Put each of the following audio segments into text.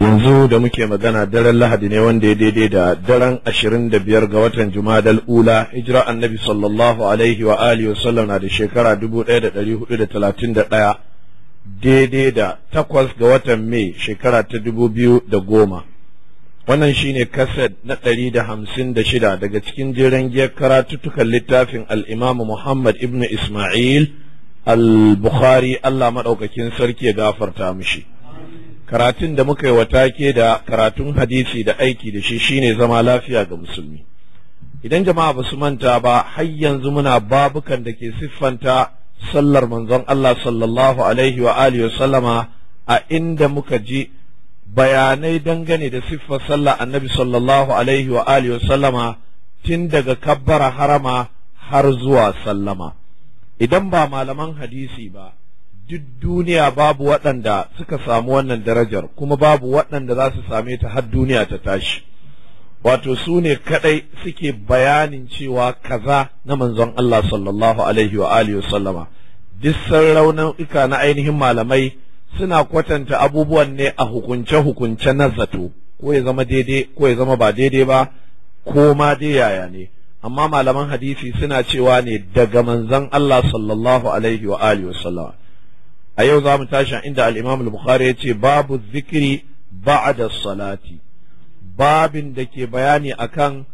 yanzu da muke magana daren lahadi ne wanda ya daidai da daren ashirin da biyar ga watan jumadal ula hijira annabi sallallahu alaihi wa alihi wasallam na da shekara dubu ɗaya da ɗari hudu da talatin da ɗaya daidai da takwas ga watan mai shekara ta dubu biyu da goma wannan shine kaset na ɗari da hamsin da shida daga cikin jeran giyar karatuttukan littafin al'imamu muhammad ibnu isma'il al-bukhari allah maɗaukakin sarki ya gafarta mishi karatun da muka yi wa take da karatun hadisi da aiki da shi shine zama lafiya ga musulmi idan jama'a ba su manta ba har yanzu muna babukan da ke siffanta sallar manzon Allah sallallahu alaihi wa alihi wa sallama a inda muka ji bayanai dangane da siffar sallar annabi sallallahu alaihi wa alihi wa sallama tun daga kabbara harama har zuwa sallama idan ba malaman hadisi ba duk duniya babu waɗanda suka samu wannan darajar kuma babu waɗanda za su same ta har duniya ta tashi wato su ne kaɗai suke bayanin cewa kaza na manzon Allah sallallahu alaihi wa alihi sallama duk raunuka na ainihin malamai suna kwatanta abubuwan ne a hukunce-hukunce na zato ko ya zama daidai ko ya zama ba daidai ba ko ma dai yaya ne amma malaman hadisi suna cewa ne daga manzon Allah sallallahu alaihi wa alihi sallama a yau za mu tashi inda Al'imamul bukhari ya ce babu zikiri da salati babin da ke bayani akan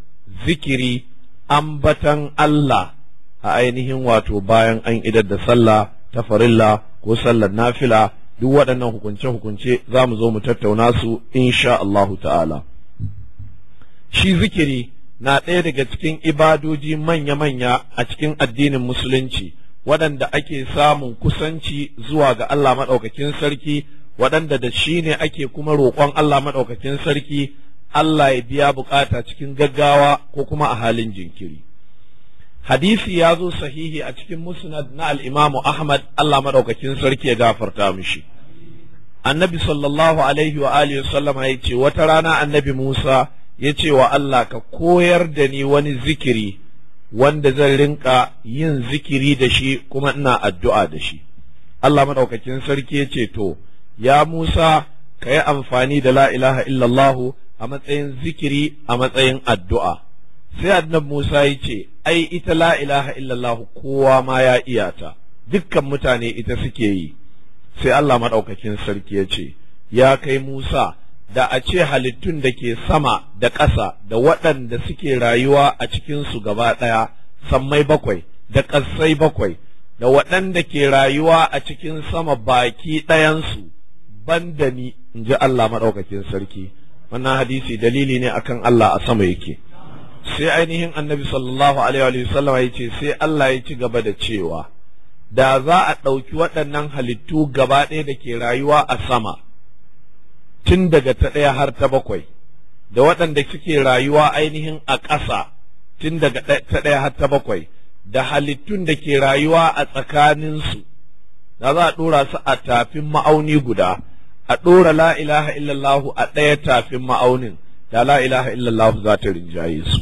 zikiri ambatan Allah a ainihin wato bayan an idar da sallah ta farilla ko sallar nafila duk waɗannan hukunce-hukunce za mu zo mu tattauna su insha Allahu ta'ala shi zikiri na ɗaya daga cikin ibadoji manya-manya a cikin addinin musulunci waɗanda ake samun kusanci zuwa ga Allah maɗaukakin sarki waɗanda da shi ne ake kuma roƙon Allah maɗaukakin sarki Allah ya biya bukata cikin gaggawa ko kuma a halin jinkiri. Hadisi ya zo sahihi a cikin musnad na al'imamu Ahmad Allah maɗaukakin sarki ya gafarta mishi. Annabi sallallahu alaihi wa alihi sallama ya ce wata rana annabi Musa ya ce wa Allah ka koyar da ni wani zikiri wanda zan rinka yin zikiri da shi kuma ina addu'a da shi Allah maɗaukakin sarki ya ce to ya Musa ka yi amfani da la illallahu a matsayin zikiri a matsayin addu'a sai annabi Musa ya ce ai ita la illallahu kowa ma ya iya ta dukkan mutane ita suke yi sai Allah maɗaukakin sarki ya ce ya kai Musa da a ce halittun da ke sama da ƙasa da waɗanda suke rayuwa a cikinsu gaba ɗaya sammai bakwai da ƙasai bakwai da waɗanda ke rayuwa a cikin sama baki ɗayansu ban da ni in ji Allah maɗaukakin sarki wannan hadisi dalili ne akan Allah a sama yake sai ainihin annabi sallallahu alaihi wa sallam ya ce sai Allah ya ci gaba da cewa da za a ɗauki waɗannan halittu gaba ɗaya da ke rayuwa a sama tun daga ta ɗaya har ta bakwai da waɗanda suke rayuwa ainihin a ƙasa tun daga ta ɗaya har ta bakwai da halittun da ke rayuwa a tsakaninsu da za a ɗora su a tafin ma'auni guda a ɗora la ilaha illallahu a ɗaya tafin ma'aunin da la ilaha illallahu za ta rinjaye su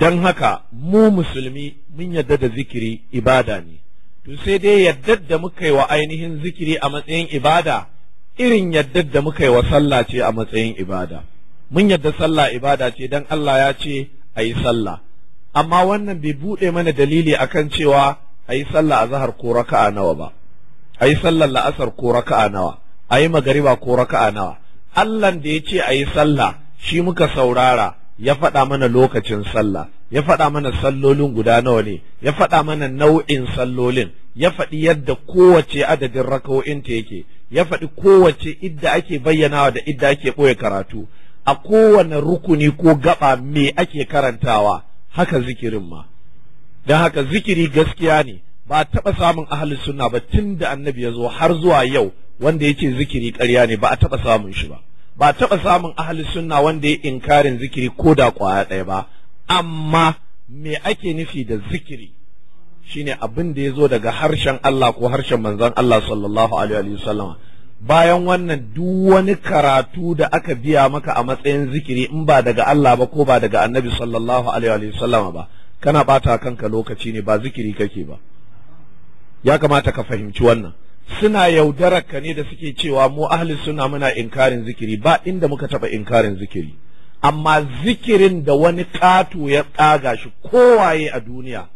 don haka mu musulmi mun yadda da zikiri ibada ne to sai dai yadda da muka yi wa ainihin zikiri a matsayin ibada irin yadda da muka yi wa sallah ce a matsayin ibada mun yadda sallah ibada ce dan Allah ya ce a yi sallah amma wannan bai buɗe mana dalili akan cewa a yi sallah a zahar ko raka'a nawa ba a yi sallar la'asar ko raka'a nawa a yi magariba ko raka'a nawa Allah da ya ce a yi sallah shi muka saurara ya faɗa mana lokacin sallah ya faɗa mana sallolin guda nawa ne ya faɗa mana nau'in sallolin ya faɗi yadda kowace adadin ta yake ya faɗi kowace idda ake bayyanawa da idda ake ɓoye karatu a kowane rukuni ko gaba me ake karantawa haka zikirin ma don haka zikiri gaskiya ne ba taɓa samun ahalin sunna ba tun da annabi ya zo har zuwa yau wanda ya ce zikiri ƙarya ne ba a taɓa samun shi ba ba taɓa samun ahli sunna wanda ya inkarin zikiri ko da ƙwaya ɗaya ba amma me ake nufi da zikiri shine abin da ya zo daga harshen Allah ko harshen manzon Allah sallallahu alaihi bayan wannan duk wani karatu da aka biya maka a matsayin zikiri in ba daga Allah ba ko ba daga Annabi sallallahu alaihi ba kana bata kanka lokaci ne ba zikiri kake ba ya kamata ka fahimci wannan suna yaudarar ka ne da suke cewa mu ahli suna muna inkarin zikiri ba inda muka taɓa inkarin zikiri amma zikirin da wani ƙato ya ƙaga shi kowaye a duniya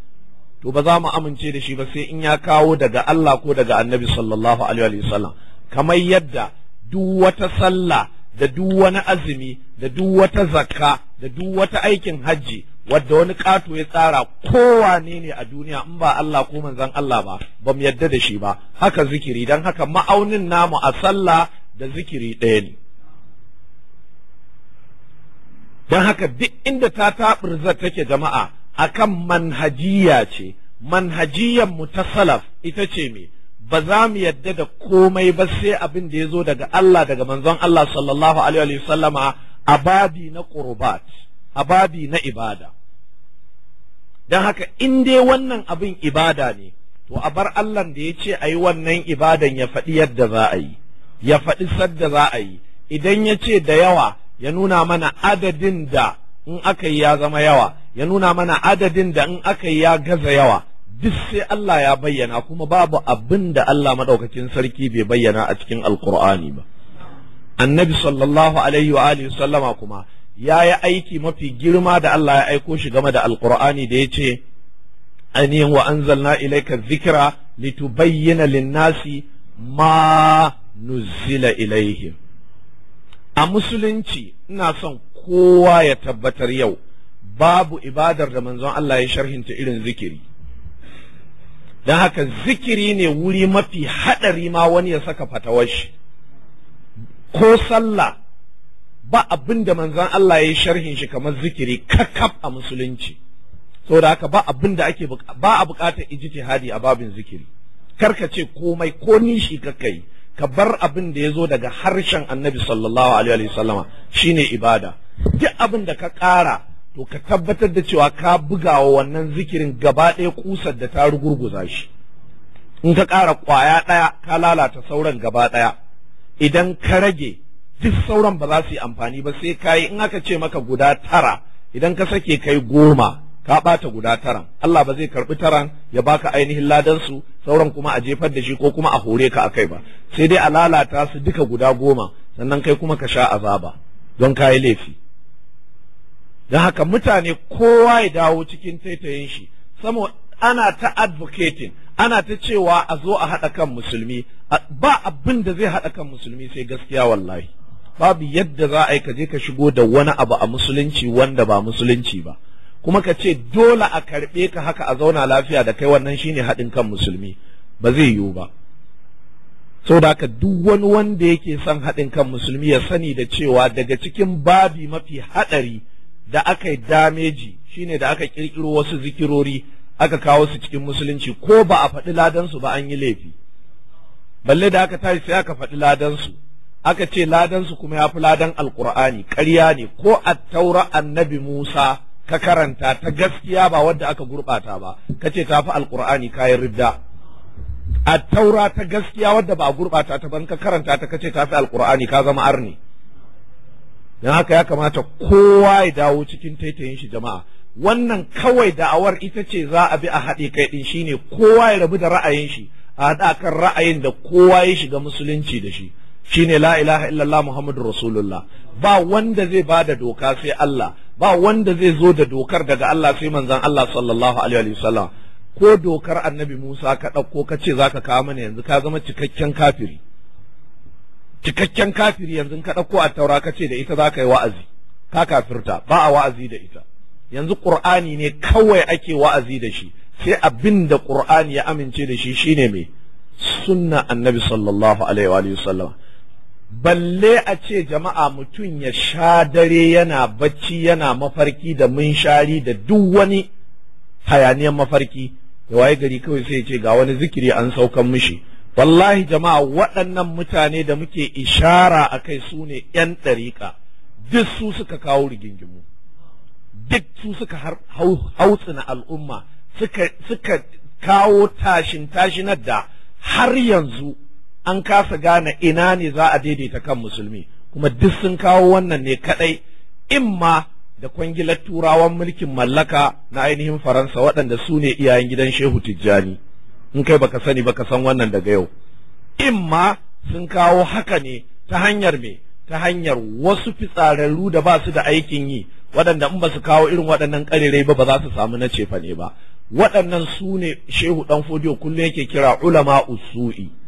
to ba za mu amince da shi ba sai in ya kawo daga Allah ko daga annabi sallallahu alaihi wasallam kamar yadda duk wata sallah da duk wani azumi da duk wata zakka da duk wata aikin hajji wadda wani ƙato ya tsara kowane ne a duniya in ba Allah ko manzon Allah ba ba mu yadda da shi ba haka zikiri dan haka ma'aunin namu a sallah da zikiri ɗaya ne dan haka duk inda ta taɓurzar take jama'a akan manhajiya ce manhajiyan mu ta salaf ita ce me ba za mu yadda da komai ba sai abin da ya zo daga Allah daga manzon Allah sallallahu alaihi wa sallama a na qurbat a babi na ibada don haka in dai wannan abin ibada ne to a bar Allah da ya ce a yi wannan ibadan ya faɗi yadda za a yi ya faɗi sadda za a yi idan ya ce da yawa ya nuna mana adadin da in aka yi ya zama yawa ya nuna mana adadin da in aka yi ya gaza yawa duk sai Allah ya bayyana kuma babu abin da Allah maɗaukacin sarki bai bayyana a cikin alkur'ani ba annabi sallallahu alaihi wa sallama kuma ya yi aiki mafi girma da Allah ya aiko shi game da alkur'ani da ya ce ainihin wa anzalna ilaika zikira litubayyana linnasi ma nuzila ilaihim a musulunci ina son kowa ya tabbatar yau babu ibadar da manzon Allah ya sharhinta irin zikiri don haka zikiri ne wuri mafi haɗari ma wani ya saka fatawar ko sallah ba abin da manzon Allah ya yi sharhin shi kamar zikiri kakaf a musulunci saboda haka ba abin da ake ba a bukatar ijtihadi a babin zikiri karka ce komai ko nishi kakai ka bar abin da ya zo daga harshen annabi sallallahu alaihi wasallama shine ibada duk abin da ka kara to ka tabbatar da cewa ka buga wa wannan zikirin gaba ɗaya kusar da ta rugurguza shi in ka ƙara ƙwaya ɗaya ka lalata sauran gaba ɗaya idan ka rage duk sauran ba za su yi amfani ba sai kayi in aka ce maka guda tara idan ka sake kai goma ka bata guda taran Allah ba zai karɓi taran ya baka ainihin ladan su sauran kuma a jefar da shi ko kuma a hore ka akai ba sai dai a lalata su duka guda goma sannan kai kuma ka sha azaba don kayi laifi don haka mutane kowa ya dawo cikin taitayin shi samo ana ta advocating ana ta cewa a zo a haɗa kan musulmi ba abin da zai haɗa kan musulmi sai gaskiya wallahi babu yadda za a yi ka je ka shigo da wani abu a musulunci wanda ba musulunci ba kuma ka ce dole a karɓe ka haka a zauna lafiya da kai wannan shine haɗin kan musulmi ba zai yiwu ba Sau da haka duk wani wanda yake son haɗin kan musulmi ya sani da cewa daga cikin babi mafi haɗari da aka yi dameji shine da aka ƙirƙiro wasu zikirori aka kawo su cikin musulunci ko ba a faɗi ladansu ba an yi laifi balle da aka tashi sai aka faɗi ladansu aka ce ladansu kuma ya fi ladan alkur'ani ƙarya ne ko a taura annabi musa ka karanta ta gaskiya ba wadda aka gurɓata ba ka ce ta fi alkur'ani kayan ridda a taura ta gaskiya wadda ba a gurɓata ta ban ka karanta ta kace ta fi alkur'ani ka zama arni don haka ya kamata kowa ya dawo cikin taitayin shi jama'a wannan kawai da'awar ita ce za a bi a haɗe kai ɗin shine kowa ya rabu da ra'ayin shi a haɗa kan ra'ayin da kowa ya shiga musulunci da shi shine la ilaha illallah Muhammadu rasulullah ba wanda zai bada doka sai Allah ba wanda zai zo da dokar daga Allah sai manzon Allah sallallahu alaihi wasallam ko dokar annabi Musa ka dauko ka ce zaka kawo mana yanzu ka zama cikakken kafiri cikakken kafiri yanzu ka dauko a taura ka ce da ita zaka yi wa'azi ka kafirta ba a wa'azi da ita yanzu qur'ani ne kawai ake wa'azi da shi sai abinda da qur'ani ya amince da shi shine me sunna annabi sallallahu alaihi wa balle a ce jama'a mutum ya sha dare yana bacci yana mafarki da munshari da duk wani hayaniyar mafarki da waye gari kawai sai ce ga wani zikiri an saukan mishi wallahi jama'a waɗannan mutane da muke ishara a kai su ne 'yan ɗariƙa duk su suka kawo rigingimu duk su suka hautsina al'umma suka kawo tashin tashinar da har yanzu an kasa gane ina ne za a daidaita kan musulmi kuma duk sun kawo wannan ne kadai imma da kwangilar turawan mulkin mallaka na ainihin faransa waɗanda su ne iyayen gidan shehu tijjani in kai baka sani baka san wannan daga yau imma sun kawo haka ne ta hanyar me ta hanyar wasu fitsararru da ba su da aikin yi waɗanda in ba su kawo irin waɗannan ƙarirai ba ba za su samu na cefane ba waɗannan su ne shehu ɗan fodiyo kullum yake kira ulama usu'i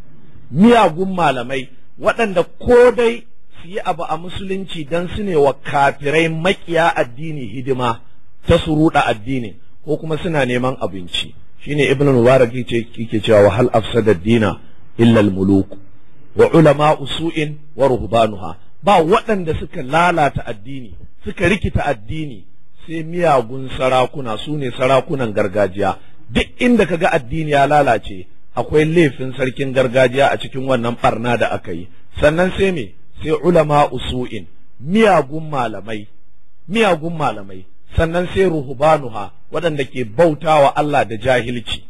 miyagun malamai waɗanda ko dai su yi abu a musulunci don su ne wa kafirai makiya addini hidima ta suruɗa addini ko kuma suna neman abinci shine ibn mubarak yake cewa wa hal afsada dina illa al muluk wa ulama usu'in wa ruhbanuha ba waɗanda suka lalata addini suka rikita addini sai miyagun sarakuna su ne sarakunan gargajiya duk inda kaga addini ya lalace akwai laifin sarkin gargajiya a cikin wannan barna da aka yi sannan sai me sai ulama usu'in miyagun malamai miyagun malamai sannan sai ruhubanuha waɗanda ke bautawa Allah da jahilci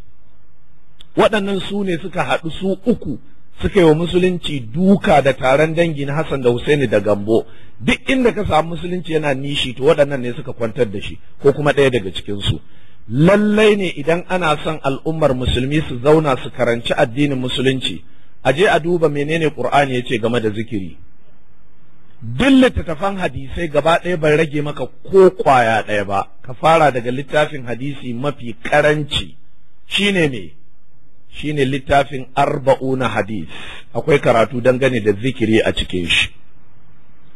waɗannan su ne suka haɗu su uku suka yi wa musulunci duka da taron dangi Hassan da Husaini da Gambo duk inda ka samu musulunci yana nishi to waɗannan ne suka kwantar da shi ko kuma ɗaya daga cikin su lallai ne idan ana son al'ummar musulmi su zauna su karanci addinin musulunci a je a duba menene ƙur'ani ya ce game da zikiri duk littattafan hadisai gaba ɗaya bai rage maka ko kwaya ɗaya ba ka fara daga littafin hadisi mafi karanci shine me shine littafin arba'una hadis akwai karatu dangane da zikiri a cikin shi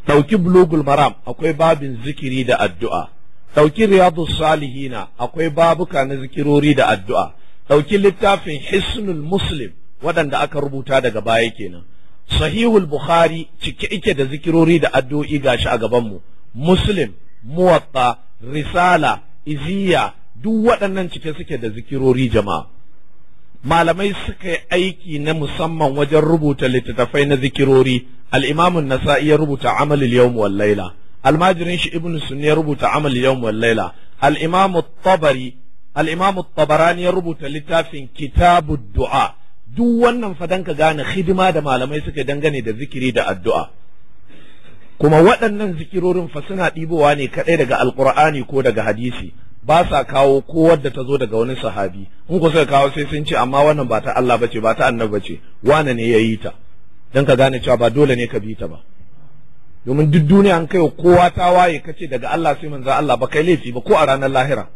ɗauki bulugul maram akwai babin zikiri da addu'a ɗauki riyadu salihina akwai babuka na zikirori da addu'a ɗauki littafin hisnul muslim waɗanda aka rubuta daga baya kenan sahihul bukhari cike ike da zikirori da addu'o'i gashi a gabanmu muslim muwatta risala iziya duk waɗannan cike suke da zikirori jama'a malamai suka yi aiki na musamman wajen rubuta littattafai na zikirori al'imamun nasa'i ya rubuta amalil yawm wal laila almajirin shi ibn sun ya rubuta amal yawm wal laila al-imam at tabarani ya rubuta littafin kitabud du'a duk wannan fadan ka gane hidima da malamai suka dangane da zikiri da addu'a kuma waɗannan zikirorin fa suna ɗibowa ne kaɗai daga alƙur'ani ko daga hadisi ba sa kawo ko wadda ta zo daga wani sahabi in ku suka kawo sai sun ce amma wannan ba ta Allah bace ba ta annabi bace wane ne ya yi ta dan ka gane cewa ba dole ne ka bi ta ba domin duk duniya an kai kowa ta waye kace daga Allah sai manzo Allah ba kai laifi ba ko a ranar lahira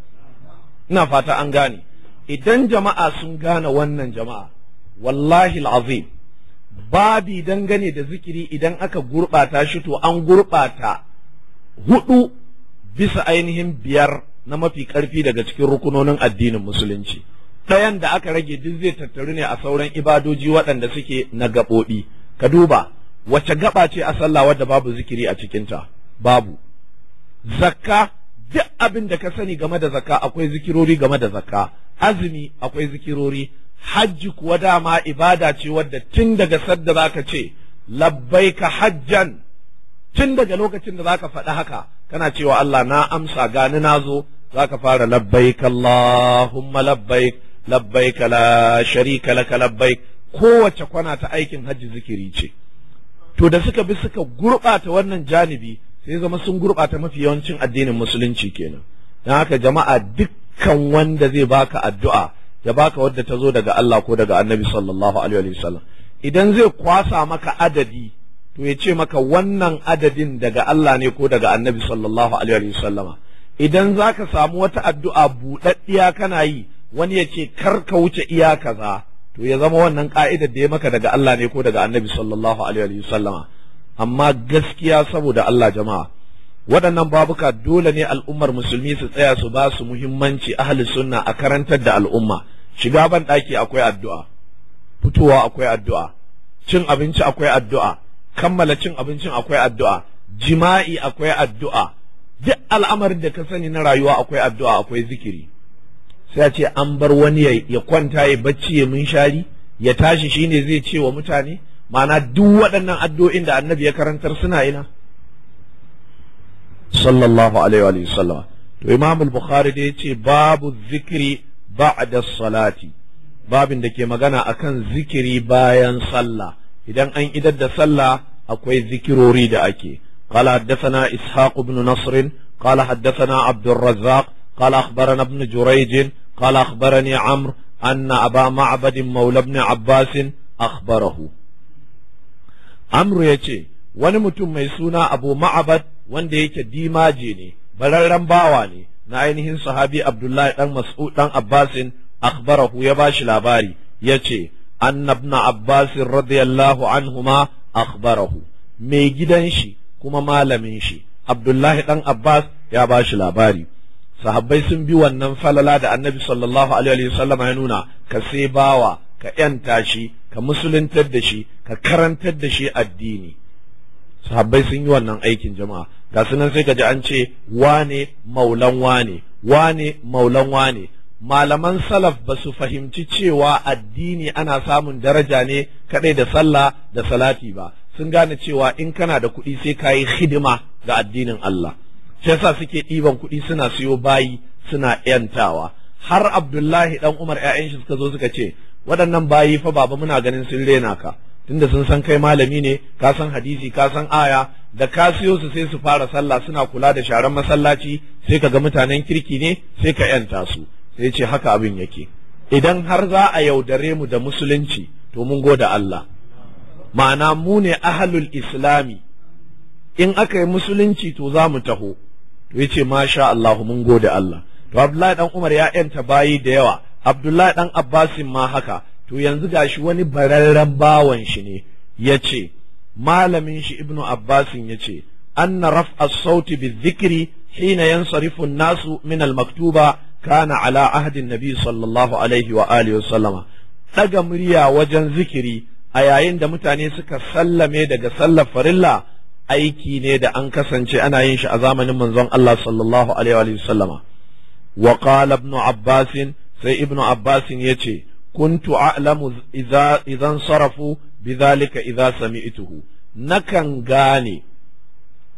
ina fata an gane idan jama'a sun gane wannan jama'a wallahi alazim babi dangane da zikiri idan aka gurbata shi to an gurbata hudu bisa ainihin biyar na mafi karfi daga cikin rukunonin addinin musulunci ɗayan da aka rage duk zai tattaru ne a sauran ibadoji waɗanda suke na gaɓoɓi ka duba wace gaba ce a sallah wadda babu zikiri a cikinta babu zakka duk abin da ka sani game da zakka akwai zikirori game da zakka azumi akwai zikirori hajji kuwa dama ibada ce wadda tun daga sadda zaka ce labbai ka hajjan tun daga lokacin da zaka faɗi haka kana cewa Allah na amsa gani na zo zaka fara ka Allahumma labbai ka la sharika laka labbai. kowace kwana ta aikin hajji zikiri ce to da suka bi suka gurɓata wannan janibi sai zama sun gurɓata mafi yawancin addinin musulunci kenan don haka jama'a dukkan wanda zai baka addu'a ya baka wadda ta zo daga Allah ko daga Annabi sallallahu alaihi wasallam idan zai kwasa maka adadi to ya ce maka wannan adadin daga Allah ne ko daga Annabi sallallahu alaihi wasallama idan zaka samu wata addu'a buɗaɗɗiya kana yi wani ya ce kar ka wuce iya kaza to ya zama wannan ka'idar da ya maka daga Allah ne ko daga Annabi sallallahu alaihi amma gaskiya saboda Allah jama'a waɗannan babuka dole ne al'ummar musulmi su tsaya su ba su muhimmanci ahli sunna a karantar da al'umma shiga ban daki akwai addu'a fitowa akwai addu'a cin abinci akwai addu'a kammala cin abincin akwai addu'a jima'i akwai addu'a duk al'amarin da ka sani na rayuwa akwai addu'a akwai zikiri sai ce an bar wani ya kwanta ya bacci ya munshari ya tashi shine zai ce wa mutane ma'ana duk waɗannan addu'o'in da annabi ya karantar suna ina sallallahu alaihi wa sallam to imam al-bukhari da yace babu zikri ba'da salati babin da ke magana akan zikiri bayan sallah idan an idar da sallah akwai zikirori da ake قال حدثنا إسحاق بن نصر قال حدثنا عبد الرزاق قال أخبرنا ابن جريج قال أخبرني عمرو أن أبا معبد مولى ابن عباس أخبره عمرو يجي wani mutum mai suna abu ma'abad wanda yake dimaje ne bararren bawa ne na ainihin sahabi abdullahi ɗan mas'ud dan abbasin Akbarahu ya bashi labari Ya yace annabna abbasin radiyallahu anhuma akhbarahu mai gidan shi kuma malamin shi abdullahi ɗan abbas ya ba shi labari sahabbai sun bi wannan falala da annabi sallallahu alaihi wasallam ya nuna ka sai bawa ka yanta shi ka musuluntar da shi ka karantar da shi addini sahabbai sun yi wannan aikin jama'a ga sunan sai ka ji an ce wane maulan wane wane maulan wane malaman salaf ba su fahimci cewa addini ana samun daraja ne kadai da sallah da salati ba sun gane cewa in kana da kuɗi sai ka yi hidima ga addinin Allah yasa suke ɗiban kuɗi suna siyo bayi suna yantawa har abdullahi ɗan umar ƴaƴan shi suka zo suka ce waɗannan bayi fa baba muna ganin sun rena ka tunda sun san kai malami ne ka san hadisi ka san aya da ka siyo su sai su fara sallah suna kula da sharan masallaci sai ka ga mutanen kirki ne sai ka yanta su sai ce haka abin yake idan har za a yaudare mu da musulunci to mun goda Allah ma'ana mu ne ahlul islami in aka yi musulunci to za mu taho yace masha Allah mun gode Allah to Abdullahi dan Umar ya yanta bayi da yawa Abdullahi dan Abbasin ma haka to yanzu gashi wani bararren bawan shi ne yace malamin shi Ibnu Abbasin yace anna raf'a sauti bizikri hina yansarifu an-nasu min al-maktuba kana ala ahdin an-nabi sallallahu alaihi wa alihi wa sallama daga murya wajen zikiri a yayin da mutane suka sallame daga sallar farilla aiki ne da an kasance ana yin shi a zamanin manzon Allah sallallahu alaihi wa sallama wa qala ibn abbas sai ibnu abbas yace kuntu a'lamu idza idan sarafu bidhalika idza sami'tuhu nakan gane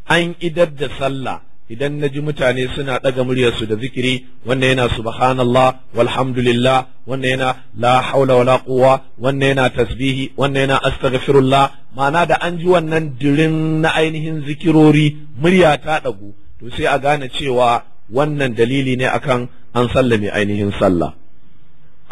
an idar da sallah idan na ji mutane suna ɗaga muryarsu da zikiri wannan yana subhanallah walhamdulillah wannan yana la haula wala quwwa wannan yana tasbihi wannan yana astaghfirullah ma'ana da an ji wannan dirin na ainihin zikirori murya ta ɗagu to sai a gane cewa wannan dalili ne akan an sallame ainihin sallah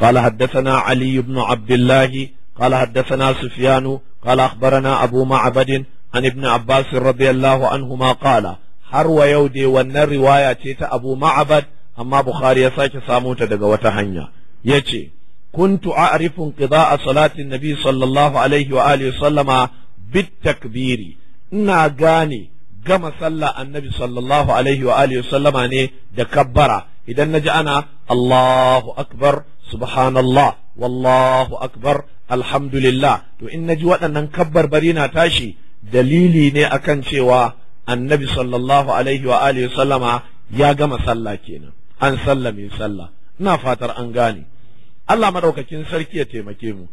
قال حدثنا علي بن عبد الله قال حدثنا سفيان قال أخبرنا أبو معبد عن ابن عباس رضي الله عنهما قال har wa yau dai wannan riwaya ce ta Abu Ma'bad amma Bukhari ya sake samo ta daga wata hanya Ya ce kuntu a'rifu a salatin nabi sallallahu alaihi wa alihi sallama bit takbiri ina gane gama sallah annabi sallallahu alaihi wa alihi sallama ne da kabbara idan naji ana Allahu akbar subhanallah wallahu akbar alhamdulillah to in ji waɗannan kabbar bari na tashi dalili ne akan cewa annabi sallallahu alaihi wa alihi sallama ya gama sallah kenan an sallame sallah ina fatar an gane Allah madaukakin sarki ya taimake mu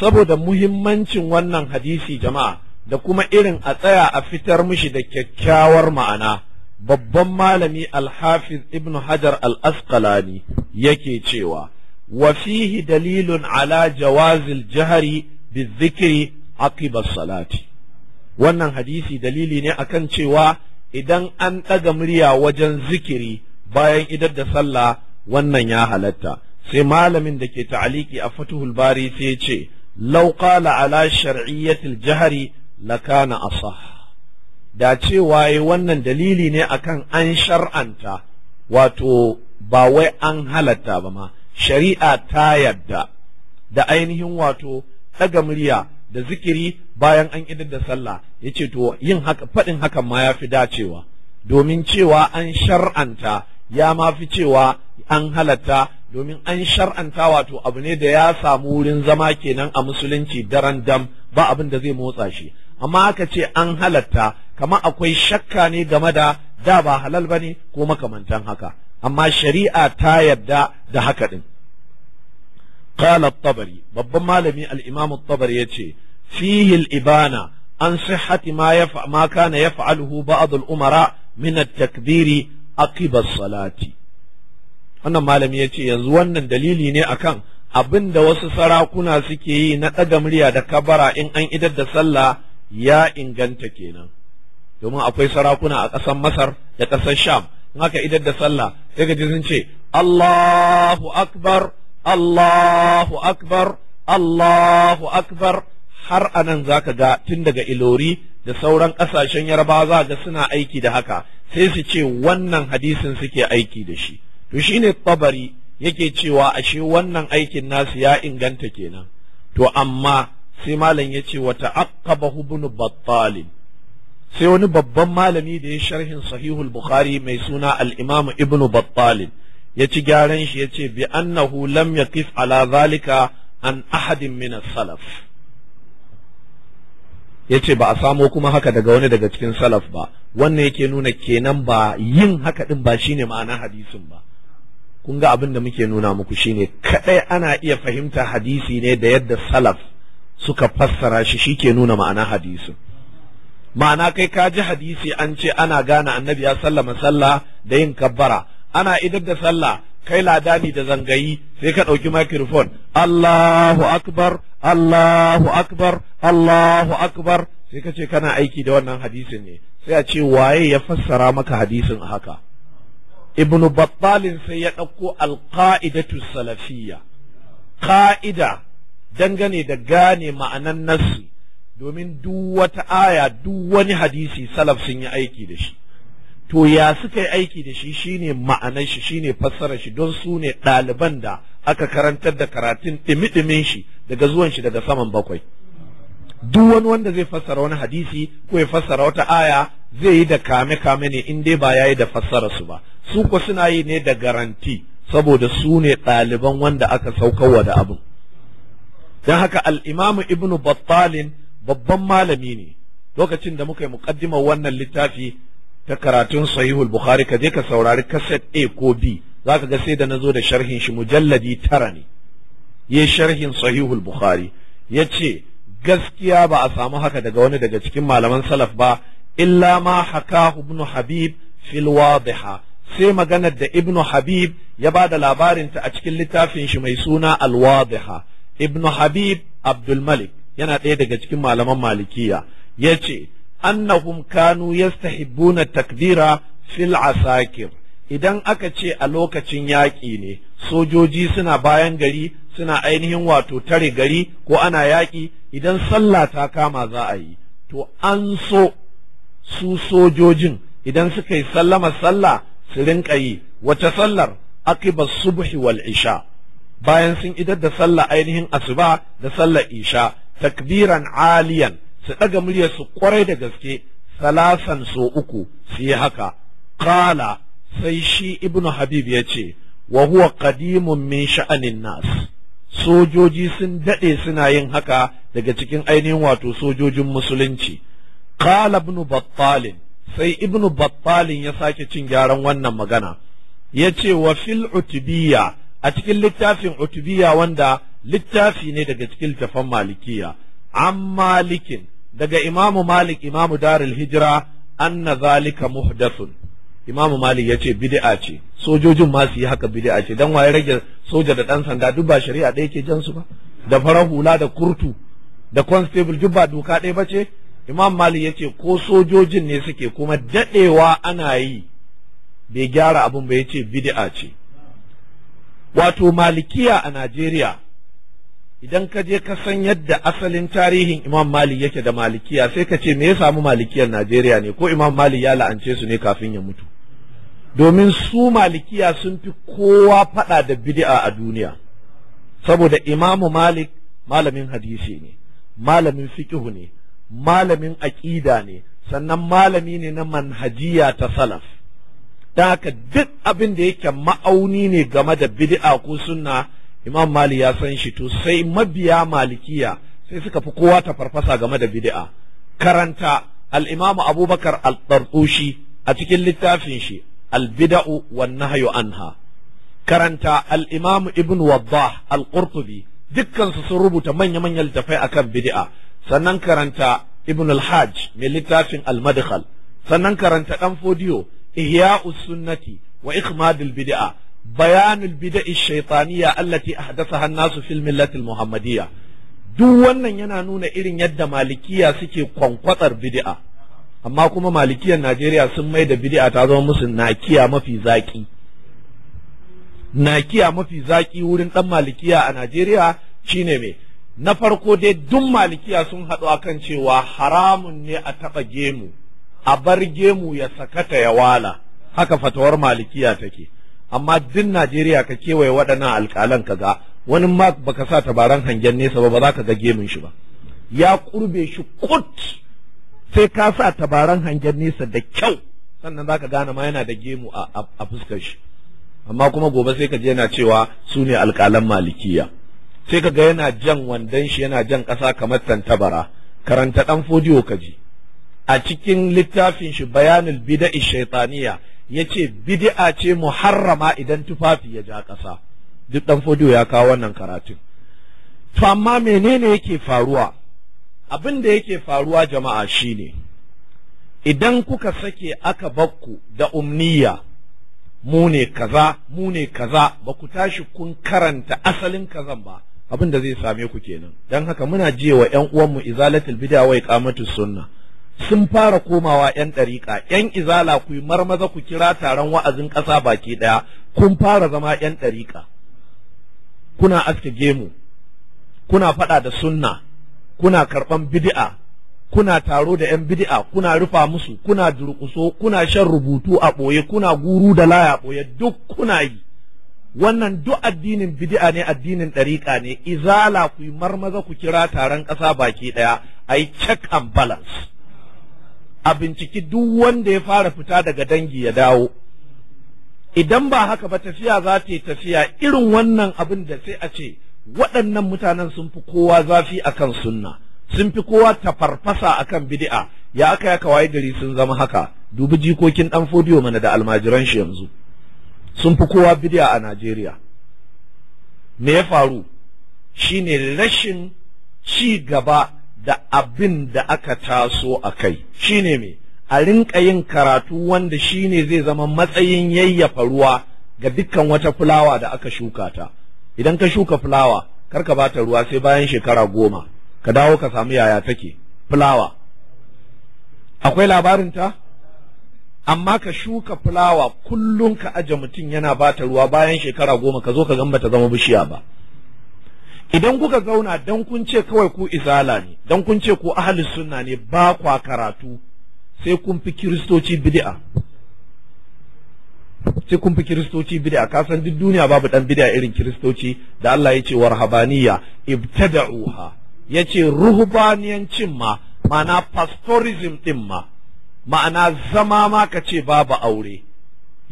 saboda muhimmancin wannan hadisi jama'a da kuma irin a tsaya a fitar mishi da kyakkyawar ma'ana babban malami alhafiz ibnu hajar al-asqalani yake cewa wa fihi dalilun ala jawazil jahari bizikri aqiba salati wannan hadisi dalili ne akan cewa idan an ɗaga murya wajen zikiri bayan idar da sallah wannan ya halatta sai malamin da ke ta'aliki a fatuhul bari sai ce law qala ala shar'iyyatil jahri lakana asah da cewa wannan dalili ne akan an shar'anta wato ba wai an halatta ba ma shari'a ta yadda da ainihin wato ɗaga murya da zikiri bayan an idar da sallah ya ce to yin haka faɗin hakan ma ya fi dacewa domin cewa an shar'anta ya ma fi cewa an halatta domin an shar'anta wato abu ne da ya samu wurin zama kenan a musulunci daren dam ba abin da zai motsa shi amma aka ce an halatta kama akwai shakka ne game da da ba halal ba ne ko makamantan haka amma shari'a ta yarda da haka din قال الطبري babban malami al الطبري يتشي فيه الإبانة عن صحة ما, يفع ما كان يفعله بعض الأمراء من التكبير عقب الصلاة wannan malami ya ce yanzu wannan dalili ne akan abin da wasu sarakuna suke yi na ɗaga murya da kabara in an idar da sallah ya inganta kenan domin akwai sarakuna a ƙasar masar da ƙasar sham in aka idar da sallah sai ka sun ce allahu akbar allahu akbar allahu akbar har anan za ka ga tun daga ilori da sauran ƙasashen yarbawa za ga suna aiki da haka sai su ce wannan hadisin suke aiki da shi to shine tabari yake cewa ashe wannan aikin nasu ya inganta kenan to amma sai malam ya ce wata aqabahu ibn battal sai wani babban malami da ya sharhin sahihul bukhari mai suna al-imam ibn battal ya ci gyaran shi ya ce bi annahu lam kif ala zalika an ahadin min as-salaf Ya ce ba a samo kuma haka daga wani daga cikin salaf ba wannan yake nuna kenan ba yin haka din ba shine ma'ana hadisin ba kun ga abin da muke nuna muku shine kadai ana iya fahimta hadisi ne da yadda salaf suka fassara shi shi ke nuna ma'ana hadisin ma'ana kai ka ji hadisi an ce ana gane annabi ya sallama sallah da yin kabbara ana idar da sallah kai ladani da zangayi sai ka ɗauki microphone Allahu akbar Allahu akbar Allahu akbar sai ka ce kana aiki da wannan hadisin ne sai a ce waye ya fassara maka hadisin haka ibnu battalin sai ya ɗauko alqa'idatu salafiyya ka'ida dangane da gane ma'anan nassi domin duk wata aya duk wani hadisi salaf sun yi aiki da shi to ya suka yi aiki da shi shine ma'anar shi shine fassarar shi don su ne ɗaliban da aka karantar da karatun ɗimi-ɗimin shi daga zuwan shi daga saman bakwai duk wani wanda zai fassara wani hadisi ko ya fassara wata aya zai yi da kame-kame ne in dai ba ya yi da fassara su ba su ko suna yi ne da garanti saboda su ne ɗaliban wanda aka saukarwa da abu. don haka al'imamu ibnu battalin babban malami ne lokacin da muka yi muƙaddimar wannan littafi ta karatun sahihul bukhari ka je ka saurari cassette a ko b zaka ga sai da na zo da sharhin shi mujalladi tara ne ya sharhin sahihul bukhari ya ce gaskiya ba a samu haka daga wani daga cikin malaman salaf ba illa ma haka ibn habib fil wadiha sai maganar da ibnu habib ya ba da ta a cikin littafin shi mai suna al wadiha ibnu habib abdul malik yana ɗaya daga cikin malaman malikiya ya ce annahum kanu yastahibbuna takbira fil asakir idan aka ce a lokacin yaƙi ne sojoji suna bayan gari suna ainihin wato tare gari ko ana yaƙi idan sallah ta kama za a yi to an so su sojojin idan suka yi sallama sallah su rinka yi wace sallar aqiba subhi wal isha bayan sun idar da sallah ainihin asuba da sallar isha takbiran aliyan su ɗaga murya su kwarai da gaske salasan so uku su yi haka kala sai shi ibnu habib ya ce wa huwa qadimun min sha'anin nas sojoji sun daɗe suna yin haka daga cikin ainihin wato sojojin musulunci kala ibnu battalin sai ibnu battalin ya sake cin gyaran wannan magana ya ce wa fil utubiya a cikin littafin utubiya wanda littafi ne daga cikin littafan malikiya an malikin daga imamu malik imamu darul hijira anna zalika muhdathun imamu malik ya ce bid'a ce sojojin ma su yi haka bidi'a ce dan waye rage soja da dan sanda duk ba shari'a ɗaya ke jansu ba da farar hula da kurtu da constable duk ba doka ɗaya ba ce imam malik ya ce ko sojojin ne suke kuma daɗewa ana yi bai gyara abin ba ya ce bid'a ce wato malikiya a najeriya idan ka je ka san yadda asalin tarihin Imam Malik yake da Malikiya sai ka ce me ya samu Malikiyar Najeriya ne ko Imam Malik ya la'ance su ne kafin ya mutu domin su Malikiya sun fi kowa fada da bid'a a duniya saboda Imamu Malik malamin hadisi ne malamin fikihu ne malamin aqida ne sannan malami ne na manhajiya ta salaf dan haka duk abin da yake ma'auni ne game da bid'a ko sunna imam mali ya san shi to sai mabiya malikiya sai suka fi kowa ta farfasa game da bid'a karanta al-imam abubakar al-tartushi a cikin littafin shi al-bid'u wan nahyu anha karanta al-imam ibn waddah al-qurtubi dukkan su sun rubuta manya manya littafai akan bid'a sannan karanta ibn al-hajj mai littafin al-madkhal sannan karanta dan fodiyo ihya'us sunnati wa ikhmadul bid'a بيان البدع الشيطانية التي أحدثها الناس في الملة المحمدية duk wannan yana nuna irin yadda malikiya suke kwankwatsar bidi'a, amma kuma malikiyar Najeriya sun mai da bid'a ta zama musu nakiya mafi zaki nakiya mafi zaƙi wurin ɗan malikiya a Najeriya shine me na farko dai duk malikiya sun haɗu akan cewa haramun ne a taɓa gemu a bar gemu ya sakata ya wala haka fatawar malikiya take amma duk Najeriya ka kewaye waɗannan alƙalan ka ga wani ma baka sa tabaran hangen nesa ba ba za ka ga gemin shi ba ya kurbe shi kut sai ka sa tabaran hangen nesa da kyau sannan za ka gane ma yana da gemu a fuskar shi amma kuma gobe sai ka je yana cewa su ne alƙalan malikiya sai ka ga yana jan wandon shi yana jan ƙasa kamar tantabara karanta ɗan fodiyo ka ji a cikin littafin shi bayanin bida'i shaitaniya Ya ce bid'a ce muharrama idan tufafi ya ja ƙasa duk ɗan fodiyo ya kawo wannan karatun to amma menene yake faruwa abin da yake faruwa jama'a shine idan kuka sake aka bakku da umniya mu ne kaza mu ne kaza ba ku tashi kun karanta asalin kazan ba abin da zai same ku kenan Don haka muna jewa 'yan ƴan uwanmu izalatul bid'a wa iqamatus sunna sun fara komawa 'yan ɗariƙa 'yan izala ku yi marmaza ku kira taron wa'azin ƙasa baki ɗaya kun fara zama 'yan ɗariƙa kuna aske gemu kuna faɗa da sunna kuna karɓan bidi'a kuna taro da 'yan bidi'a kuna rufa musu kuna durƙuso kuna shan rubutu a ɓoye kuna guru da laya a ɓoye duk kuna yi wannan duk addinin bid'a ne addinin ɗariƙa ne izala ku yi marmaza ku kira taron ƙasa baki ɗaya ayi check and balance a binciki duk wanda ya fara fita daga dangi ya dawo idan ba haka ba tafiya za ta yi tafiya irin wannan abin da sai a ce waɗannan mutanen sun fi kowa zafi akan sunna sun fi kowa tafarfasa akan bidi'a ya aka ya kawai gari sun zama haka dubi jikokin ɗan fodiyo mana da almajiran shi yanzu sun fi kowa bidi'a a Najeriya me ya faru shine rashin ci gaba da abin da aka taso a kai shine me a rinka yin karatu wanda shi ne zai zama matsayin yayyafa ruwa ga dukkan wata fulawa da aka shuka ta idan ka shuka fulawa kar ka bata ruwa sai bayan shekara goma ka dawo ka samu yaya take fulawa akwai labarin ta? amma ka shuka fulawa kullum ka aje mutum yana bata ruwa bayan shekara goma ka zo ka gan ta zama bishiya ba idan kuka zauna dan kun ce kawai ku izala ne dan kun ce ku ahli sunna ne ba kwa karatu sai kun fi kiristoci bid'a sai kun fi kiristoci bid'a ka san duk duniya babu dan bid'a irin kiristoci da Allah ya ce warhabaniya ibtada'uha yace ruhbaniyancin ma ma'ana pastorism din ma ma'ana zama ma ka ce babu aure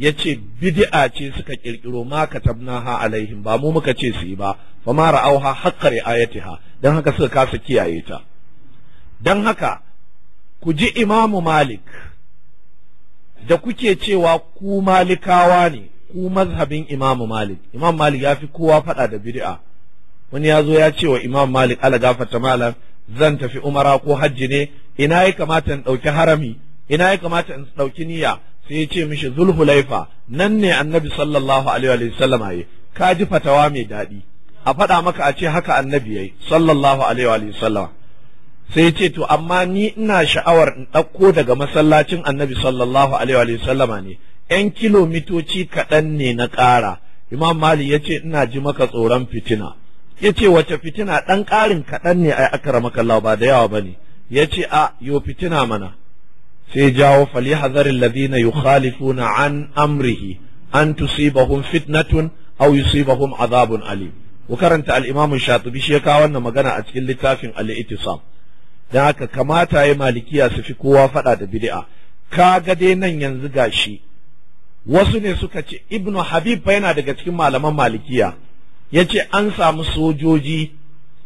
Ya ce bid'a ce suka kirkiro ma ha alaihim ba mu muka ce su yi ba fa ma ra'auha haqqa ri'ayatiha dan haka suka kasa kiyaye ta dan haka ku ji imamu malik da kuke cewa ku malikawa ne ku mazhabin imamu malik imam malik ya fi kowa faɗa da bid'a wani ya zo ya ce wa imamu malik ala gafarta malam zan tafi umara ko hajji ne ina ya kamata in ɗauki harami ina ya kamata in ɗauki niyya sai ya ce mishi zulhulaifa nan ne annabi sallallahu alaihi wa sallam yayi ka ji fatawa mai daɗi a faɗa maka a ce haka annabi yayi sallallahu alaihi wa sallam sai ya ce to amma ni ina sha'awar in ɗauko daga masallacin annabi sallallahu alaihi wa sallam ne yan kilomitoci kaɗan ne na ƙara imam mali ya ce ina ji maka tsoron fitina ya ce wace fitina ɗan ƙarin kaɗan ne a akara maka ba da yawa ba ne ya ce a yo fitina mana sai jawo falihazar alladhina yukhalifuna an amrihi an tusibahum fitnatun aw yusibahum azabun alim ku karanta al-imam shatibi shi ya kawo wannan magana a cikin littafin Ali ittisam dan haka kamata ya malikiya su fi kowa faɗa da bid'a kaga dai nan yanzu ga shi. wasu ne suka ce ibnu habib fa yana daga cikin malaman malikiya Ya ce an samu sojoji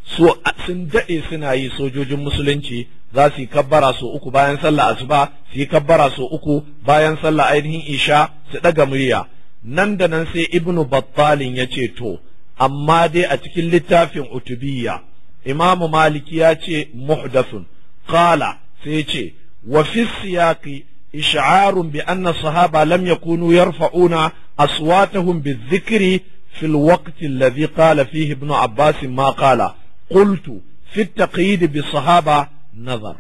sun daɗe suna yi sojojin musulunci za su yi kabbara sau uku bayan sallah asuba su yi kabbara sau uku bayan sallah ainihin isha su ɗaga murya nan da nan sai ibnu battalin ya ce to amma dai a cikin littafin utubiyya imamu maliki ya ce muhdathun qala sai ce wa fi siyaqi ish'arun bi anna sahaba lam yakunu yarfa'una aswatahum bizikri في الوقت الذي قال فيه ابن عباس ما قال قلت في التقييد بالصحابة nazar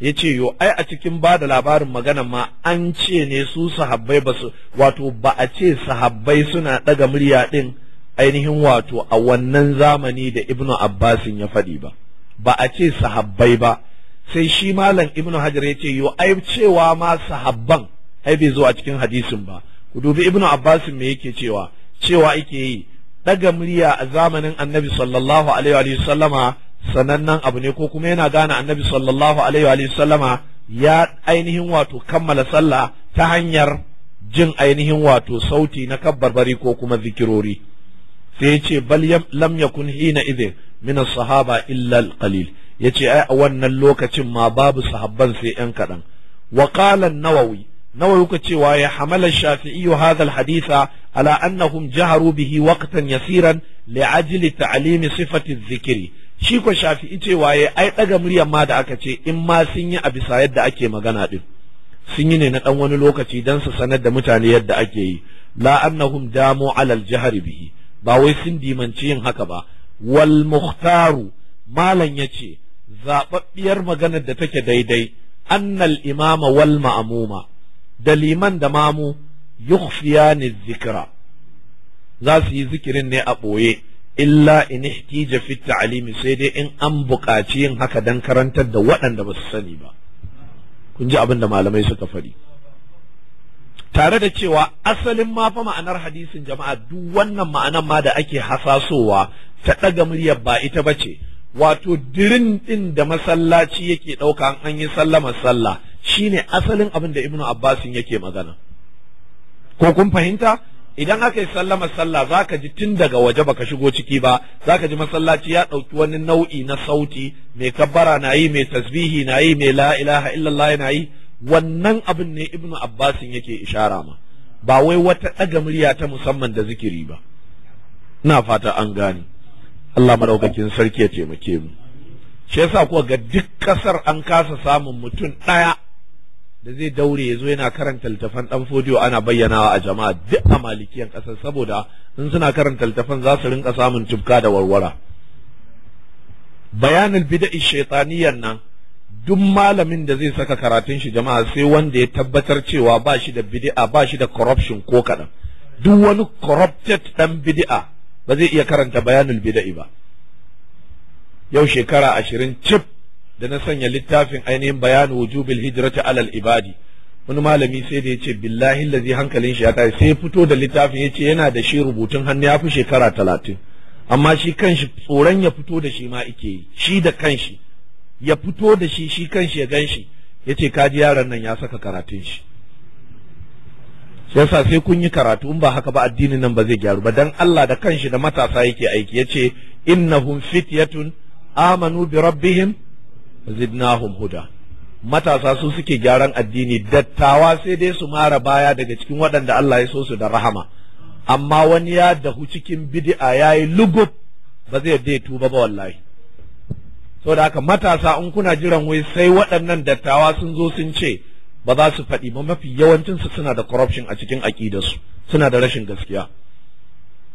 ya ce yo ai a cikin ba da labarin magana ma an ce ne su sahabbai ba su wato ba a ce sahabbai suna ɗaga murya ɗin ainihin wato a wannan zamani da ibnu abbasin ya faɗi ba ba a ce sahabbai ba sai shi malam ibnu hajar ya ce yo ai cewa ma sahabban ai bai zo a cikin hadisin ba ku dubi ibnu abbasin me yake cewa cewa yake yi ɗaga murya a zamanin annabi sallallahu alaihi wa sallama sanannen abu ne ko kuma yana gane annabi sallallahu alaihi wa sallama ya ainihin wato kammala sallah ta hanyar jin ainihin wato sauti na bari ko kuma zikirori sai ce bal lam yakun hina idin min sahaba illa al-qalil yace ai a wannan lokacin ma babu sahabban sai yan kadan wa qala an-nawawi nawawi ka cewa ya hamala shafi'i hadha al-haditha ala annahum jaharu bihi waqtan yasiran li'ajli ta'limi sifati adh-dhikri shi ko shafi'i cewa ya ai daga muryar ma da aka ce in ma sun yi a bisa yadda ake magana din sun yi ne na dan wani lokaci dan su sanar da mutane yadda ake yi la annahum damu alal jahri bihi ba wai sun dimanci yin haka ba wal Malam malan yace zababbiyar maganar da take daidai annal imama wal ma'muma da liman da mamu yukhfiyani zikra za su yi zikirin ne a ɓoye illa in ihtija fi ta'limi sai dai in an buƙaci yin haka dan karantar da waɗanda ba su sani ba kun ji abin da malamai suka faɗi tare da cewa asalin ma fa ma'anar hadisin jama'a duk wannan ma'anar ma da ake hasasowa ta ɗaga muryar ba ita ba ce wato dirin ɗin da masallaci yake ɗauka an yi sallamar sallah shine asalin abin da ibnu abbasin yake magana ko kun fahimta idan aka yi sallama sallah ka ji tun daga waje baka shigo ciki ba za ka ji masallaci ya ɗauki wani nau'i na sauti mai kabbara na yi mai tasbihi na yi mai la ilaha illallah na yi wannan abin ne ibnu abbasin yake ishara ma ba wai wata ɗaga murya ta musamman da zikiri ba ina fata an gane Allah madaukakin sarki ya taimake mu shi yasa kuwa ga duk kasar an kasa samun mutum ɗaya da zai daure ya zo yana karanta littafan ɗan fodiyo ana bayyanawa a jama'a duk a malikiyan ƙasar saboda in suna karanta littafan za su rinka samun tufka da warwara bayanin bida'i shaitaniyan nan duk malamin da zai saka karatun shi jama'a sai wanda ya tabbatar cewa ba shi da bid'a ba shi da corruption ko kaɗan duk wani corrupted dan bid'a ba zai iya karanta bayanin bida'i ba yau shekara ashirin cif da na sanya littafin ainihin bayanu wujubil hijrati alal ibadi wani malami sai da yace billahi allazi hankalin shi ya tashi sai fito da littafin yace yana da shi rubutun hannu ya fi shekara talatin amma shi kanshi tsoron ya fito da shi ma ike yi shi da kanshi ya fito da shi shi kanshi ya gan shi yace kaji yaran nan ya saka karatun shi yasa sai kun yi karatu in ba haka ba addinin nan ba zai gyaru ba dan Allah da kanshi da matasa yake aiki yace innahum fityatun amanu bi rabbihim zidnahum huda matasa su suke gyaran addini dattawa sai dai su mara baya daga cikin waɗanda Allah ya so su da rahama amma wani ya dahu cikin bid'a yayi lugub ba zai yadda ya tuba ba wallahi saboda haka matasa in kuna jiran wai sai waɗannan dattawa sun zo sun ce ba za su faɗi ba mafi yawancinsu suna da corruption a cikin aƙidarsu suna da rashin gaskiya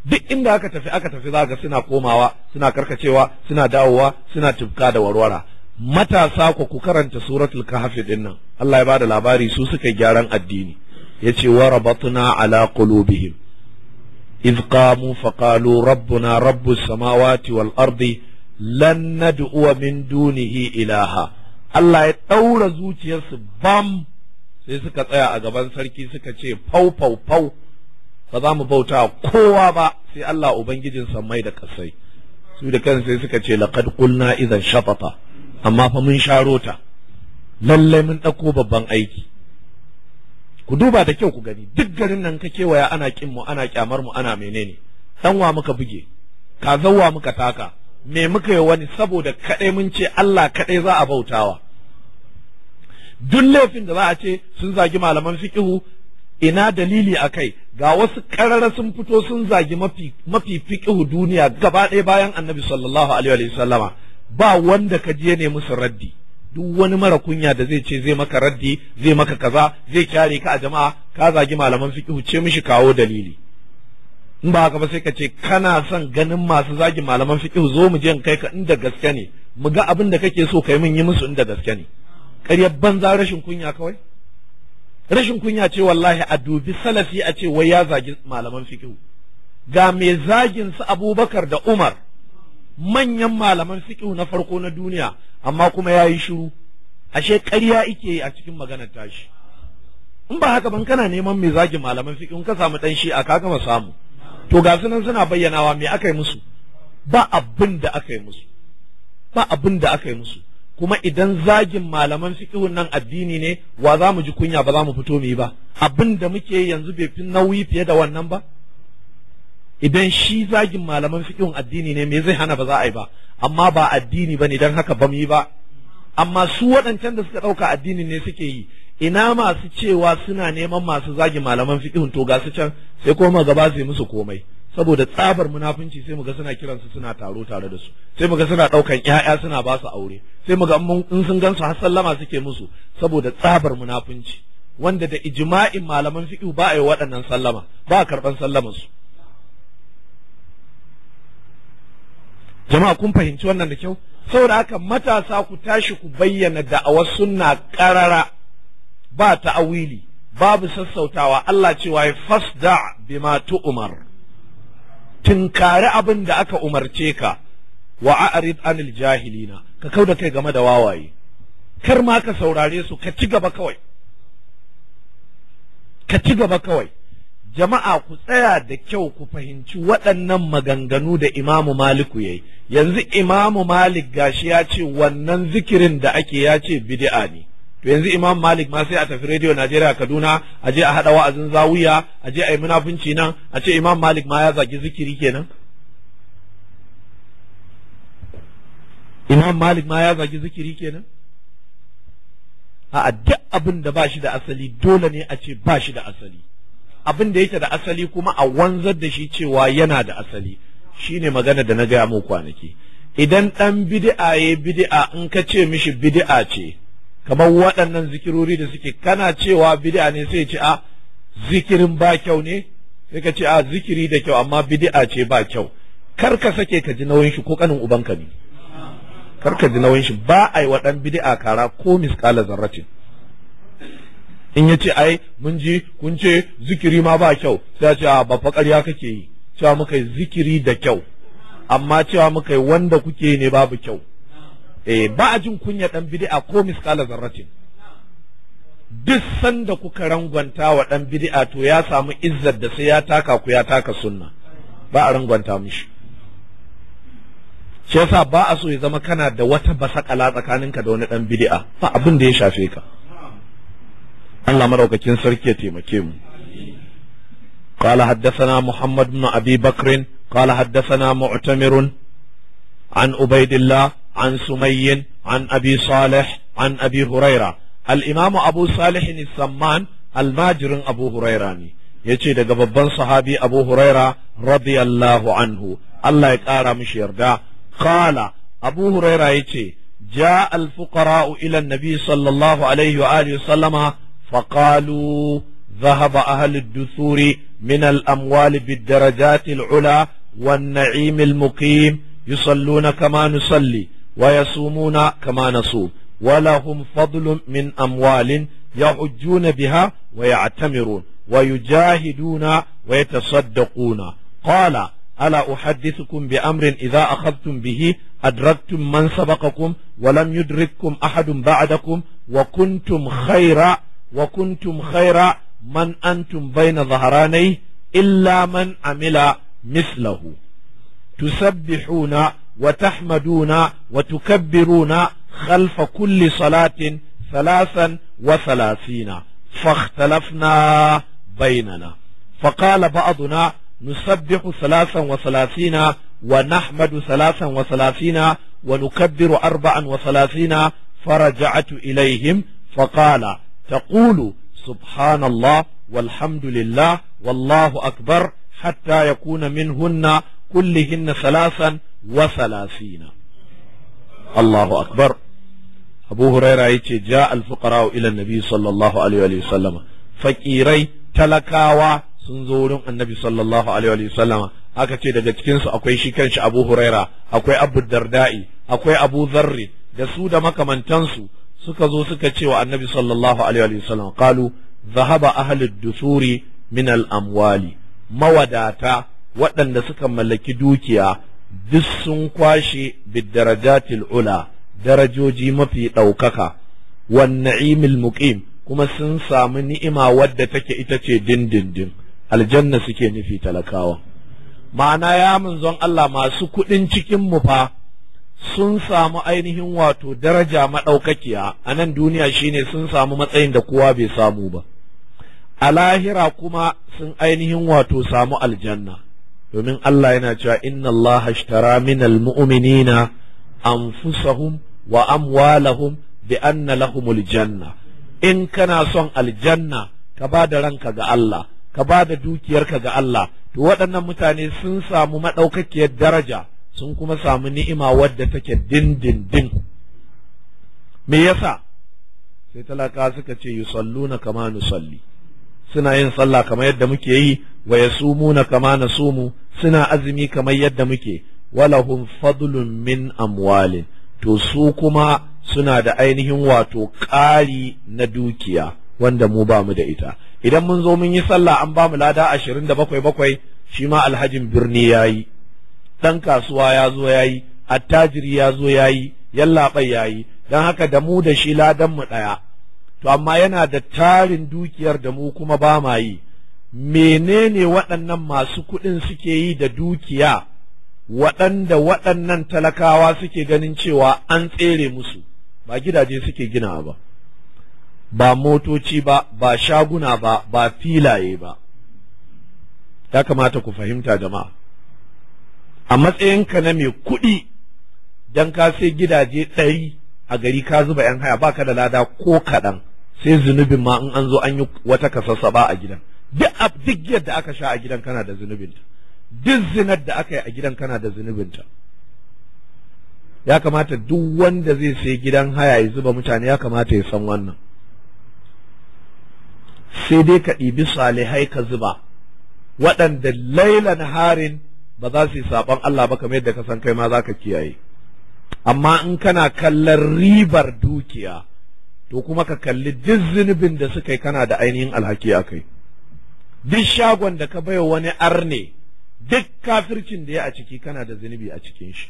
duk inda aka tafi aka tafi za ga suna komawa suna karkacewa suna dawowa suna tufka da warwara matasa ku ku karanta suratul kahfi din Allah ya bada labari su suka gyaran addini yace wa rabatna ala qulubihim iz qamu faqalu rabbuna rabbus samawati wal ardi lan nad'u min dunihi ilaha Allah ya ɗaura zuciyarsu bam sai suka tsaya a gaban sarki suka ce fau fau fau ba za mu bauta kowa ba sai Allah ubangijinsa mai da kasai su da kansu suka ce laqad qulna idan shatata amma fa mun sharo ta lallai mun ɗauko babban aiki ku duba da kyau ku gani duk garin nan ka kewaya ana kin mu ana kyamar mu ana menene Ɗanwa muka buge zawwa muka taka me muka yi wani saboda kaɗai mun ce Allah kaɗai za a bautawa duk laifin da za a ce sun zagi malaman fiqhu ina dalili a kai ga wasu karara sun fito sun zagi mafi mafi fiqhu duniya gaba ɗaya bayan annabi sallallahu alaihi wa sallama ba wanda ka je ne musu raddi duk wani mara kunya da zai ce zai maka raddi zai maka kaza zai kyare ka a jama'a ka zagi malaman fiqh ce mishi kawo dalili in ba haka ba sai ka ce kana son ganin masu zagi malaman fiqh zo mu je in kai ka inda gaske ne mu ga abin da kake so kai mun yi musu inda gaske ne Karya banza rashin kunya kawai rashin kunya ce wallahi a dubi salafi a ce wai ya zagi malaman fiqh ga mai zagin su Abubakar da Umar manyan malaman fiqh na farko na duniya amma kuma ya yi shiru ashe ƙarya ike a cikin maganar tashi in ba haka ban kana neman mai zagi malaman fiqh ka samu dan shi a ka gama samu to ga su nan suna bayyanawa me aka yi musu ba abin da aka yi musu ba abin da aka yi musu kuma idan zagin malaman fiqhun nan addini ne wa za mu ji kunya ba za mu fito mu yi ba abin da muke yanzu bai fi nauyi fiye da wannan ba idan shi zagin malaman fiqhun addini ne me zai hana ba za a yi ba amma ba addini bane dan haka ba mu yi ba amma su waɗancan da suka ɗauka addini ne suke yi ina masu cewa suna neman masu zagi malaman fiqhun to ga su can sai kuma gaba zai musu komai saboda tsabar munafunci sai muga suna kiran su suna taro tare da su sai muga suna ɗaukan ƴaƴa suna ba su aure sai muga in sun gansu har sallama suke musu saboda tsabar munafunci wanda da ijma'in malaman fiqhu ba a yi waɗannan sallama ba a karɓan sallamansu. su jama'a kun fahimci wannan da kyau saboda haka matasa ku tashi ku bayyana da wasu na karara ba ta awili babu sassautawa Allah cewa fasda bima tu'mar tinkari abin da aka umarce ka wa a'rid anil jahilina ka kauda kai game da wawaye kar ma ka saurare su ka ci gaba kawai ka ci gaba kawai jama'a ku tsaya da kyau ku fahimci waɗannan maganganu da imamu maliku yi yanzu imamu malik gashi ya ce wannan zikirin da ake ya ce bid'a ne to yanzu imamu malik ma sai a tafi radio najeriya kaduna a je a haɗa wa'azin zawiya a je a yi munafunci nan a ce imamu malik ma ya zagi zikiri kenan imam malik ma ya zagi zikiri kenan a'a duk abin da ba shi da asali dole ne a ce ba shi da asali abin da yake da asali kuma a wanzar da shi cewa yana da asali shine magana da na gaya mu kwanaki idan ɗan bid'a ya bid'a in ka ce mishi bidi'a ce kamar waɗannan zikirori da suke kana cewa bidi'a ne sai ce a ah, zikirin ba kyau ne sai ka ce a ah, zikiri da kyau amma bidi'a ce ba kyau kar ka sake ka ji nauyin shi ko kanin ubanka ne kar ka ji nauyin shi ba a yi wa ɗan bidi'a kara ko misƙala zarratin in ya ce ai mun ji kun ce zikiri ma ba kyau sai ce a ba fa kake yi cewa muka yi zikiri da kyau amma cewa muka yi wanda kuke ne babu kyau eh ba a jin kunya dan bid'a ko miskala zarratin duk sanda kuka rangwanta wa dan bid'a to ya samu izzar da sai ya taka ku ya taka sunna ba a rangwanta mishi shi yasa ba a so ya zama kana da wata basakala tsakaninka da wani dan bid'a fa abin da ya shafe ka Allah maɗaukakin sarki ya taimake mu. Kala haddasana Muhammad bin Abi Bakr kala haddasana Mu'tamir an Ubaidillah an Sumayyin an Abi Salih an Abi Huraira al-Imam Abu Salih al-Samman al Abu Huraira ne yace daga babban sahabi Abu Huraira radiyallahu anhu Allah ya ƙara mishi yarda kala Abu Huraira ce, ja al-fuqara ila nabi sallallahu alaihi wa sallama فقالوا ذهب أهل الدثور من الأموال بالدرجات العلى والنعيم المقيم يصلون كما نصلي ويصومون كما نصوم ولهم فضل من أموال يحجون بها ويعتمرون ويجاهدون ويتصدقون قال ألا أحدثكم بأمر إذا أخذتم به أدركتم من سبقكم ولم يدرككم أحد بعدكم وكنتم خير وكنتم خير من أنتم بين ظهراني إلا من عمل مثله تسبحون وتحمدون وتكبرون خلف كل صلاة ثلاثا وثلاثين فاختلفنا بيننا فقال بعضنا نسبح ثلاثا وثلاثين ونحمد ثلاثا وثلاثين ونكبر أربعا وثلاثين فرجعت إليهم فقال تقول سبحان الله والحمد لله والله أكبر حتى يكون منهن كلهن ثلاثا وثلاثين الله أكبر أبو هريرة يتي جاء الفقراء إلى النبي صلى الله عليه وسلم فكيري تلكاوا sun zo wurin annabi sallallahu alaihi wa sallam aka ce daga cikin su akwai shi kanshi Abu Huraira akwai Abu Darda'i akwai Abu Zarri da su da makamantansu suka zo suka ce wa annabi sallallahu alaihi wasallam qalu zahaba ahlud dusuri min al amwali mawadata waɗanda suka mallaki dukiya duk sun kwashe bidarajatil ula darajoji mafi ɗaukaka wan na'imil muqim kuma sun samu ni'ima wadda take ita ce dindindin aljanna suke nufi talakawa ma'ana ya manzon Allah masu kuɗin cikin mu fa sun samu ainihin wato daraja maɗaukakiya a nan duniya shine sun samu matsayin da kowa bai samu ba a lahira kuma sun ainihin wato samu aljanna domin Allah yana cewa inna Allah ashtara minal mu'minina anfusahum wa amwalahum bi anna lahumul janna in kana son aljanna ka ba da ranka ga Allah ka ba da dukiyarka ga Allah to waɗannan mutane sun samu maɗaukakiyar daraja sun kuma samu ni'ima wadda take dindindin me yasa sai talaka suka ce yusalluna kama nusalli suna yin sallah kamar yadda muke yi wa yasumuna kama nasumu suna azumi kamar yadda muke walahum fadlun min amwalin to su kuma suna da ainihin wato ƙari na dukiya wanda mu ba mu da ita idan mun zo mun yi sallah an ba mu lada ashirin da bakwai bakwai shi ma alhajin birni ya yi ɗan kasuwa ya zo ya yi attajiri ya zo ya yi yallaɓai ya yi don haka da mu da shi ladan mu ɗaya to amma yana da tarin dukiyar da mu kuma ba ma yi menene waɗannan masu kuɗin suke yi da dukiya waɗanda waɗannan talakawa suke ganin cewa an tsere musu ba gidaje suke gina ba ba motoci ba ba shaguna ba ba filaye ba ya kamata ku fahimta jama'a a matsayinka na mai kuɗi Don ka sai gidaje ɗari a gari ka zuba yan haya baka da lada ko kaɗan sai zunubin ma in an zo an yi wata kasassa ba a gidan duk yadda aka sha a gidan kana da zunubinta duk zinar da aka yi a gidan kana da zunubinta ya kamata duk wanda zai sai gidan haya ya zuba mutane ya kamata ya san wannan sai dai ka ɗibi salihai ka zuba waɗanda lailan harin ba za su yi saɓon Allah ba kamar yadda ka san kai ma za ka kiyaye amma in kana kallon ribar dukiya to kuma ka kalli duk zunubin da suka yi kana da ainihin alhaki a kai duk shagon da ka bai wani arne duk kafircin da ya a ciki kana da zunubi a cikin shi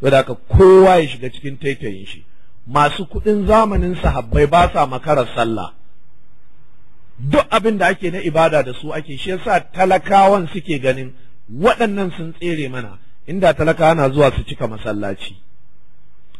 saboda haka kowa ya shiga cikin taitayin shi masu kuɗin zamanin sahabbai ba sa makarar sallah duk abin da ake na ibada da su ake shi yasa talakawan suke ganin waɗannan sun tsere mana inda talaka ana zuwa su cika masallaci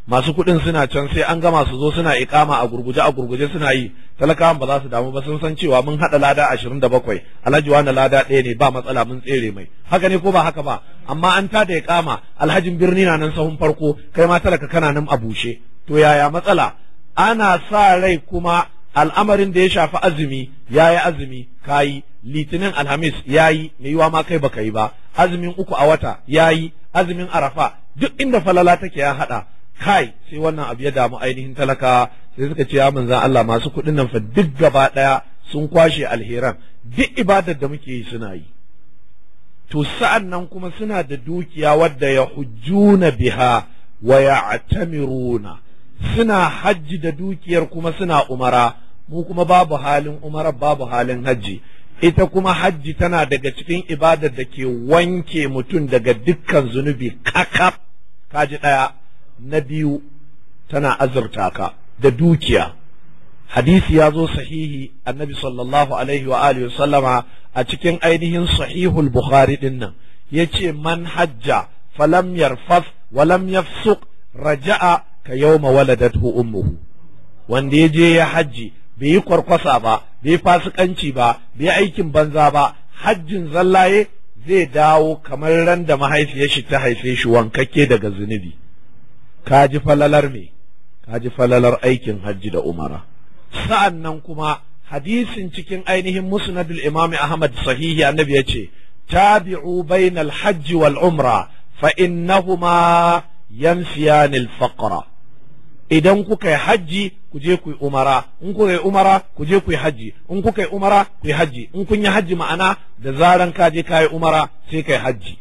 masu kuɗin suna can sai an gama su zo suna ikama a gurguje a gurguje suna yi talakawan ba za su damu ba sun san cewa mun haɗa lada ashirin da bakwai alhaji wani lada ɗaya ne ba matsala mun tsere mai haka ne ko ba haka ba amma an ta da ikama alhajin birni na nan sahun farko kai ma talaka kana nan a bushe to yaya matsala ana sa rai kuma al'amarin da ya shafi azumi yayi azumi kayi litinin alhamis ya yi mai yiwa ma kai baka yi ba azumin uku a wata ya yi azumin arafa duk inda falala take ya haɗa kai sai wannan abu ya damu ainihin talaka sai suka ce ya manzan Allah masu kuɗin nan fa duk gaba ɗaya sun kwashe alheran duk ibadar da muke yi suna yi to sa'an nan kuma suna da dukiya wadda ya hujjuna biha wa ya'tamiruna suna hajji da dukiyar kuma suna umara mu kuma babu halin umara babu halin hajji ita kuma hajji tana daga cikin ibadar da ke wanke mutum daga dukkan zunubi kakaf kaji ɗaya na biyu tana azurta ka da dukiya hadisi ya zo sahihi annabi sallallahu alaihi wa alihi sallama a cikin ainihin sahihul bukhari din nan yace man hajja falam yarfas walam yafsuq raja'a ka yawma waladathu ummuhu wanda ya je ya hajji bai yi kwarkwasa ba bai fasikanci ba bai aikin banza ba hajjin zallaye zai dawo kamar ran da mahaifiyar shi ta haife shi wankakke daga zunubi ka ji falalar me ka ji falalar aikin hajji da umara sa'an nan kuma hadisin cikin ainihin musnadul imami ahmad sahihi annabi ya ce tabi'u bainal hajji wal umra fa innahuma yanfiyani al-faqra idan kuka yi hajji ku je ku yi umara in kuka yi umara ku je ku yi hajji in kuka yi umara ku yi hajji in kun yi hajji ma'ana da zaran ka je ka yi umara sai ka yi hajji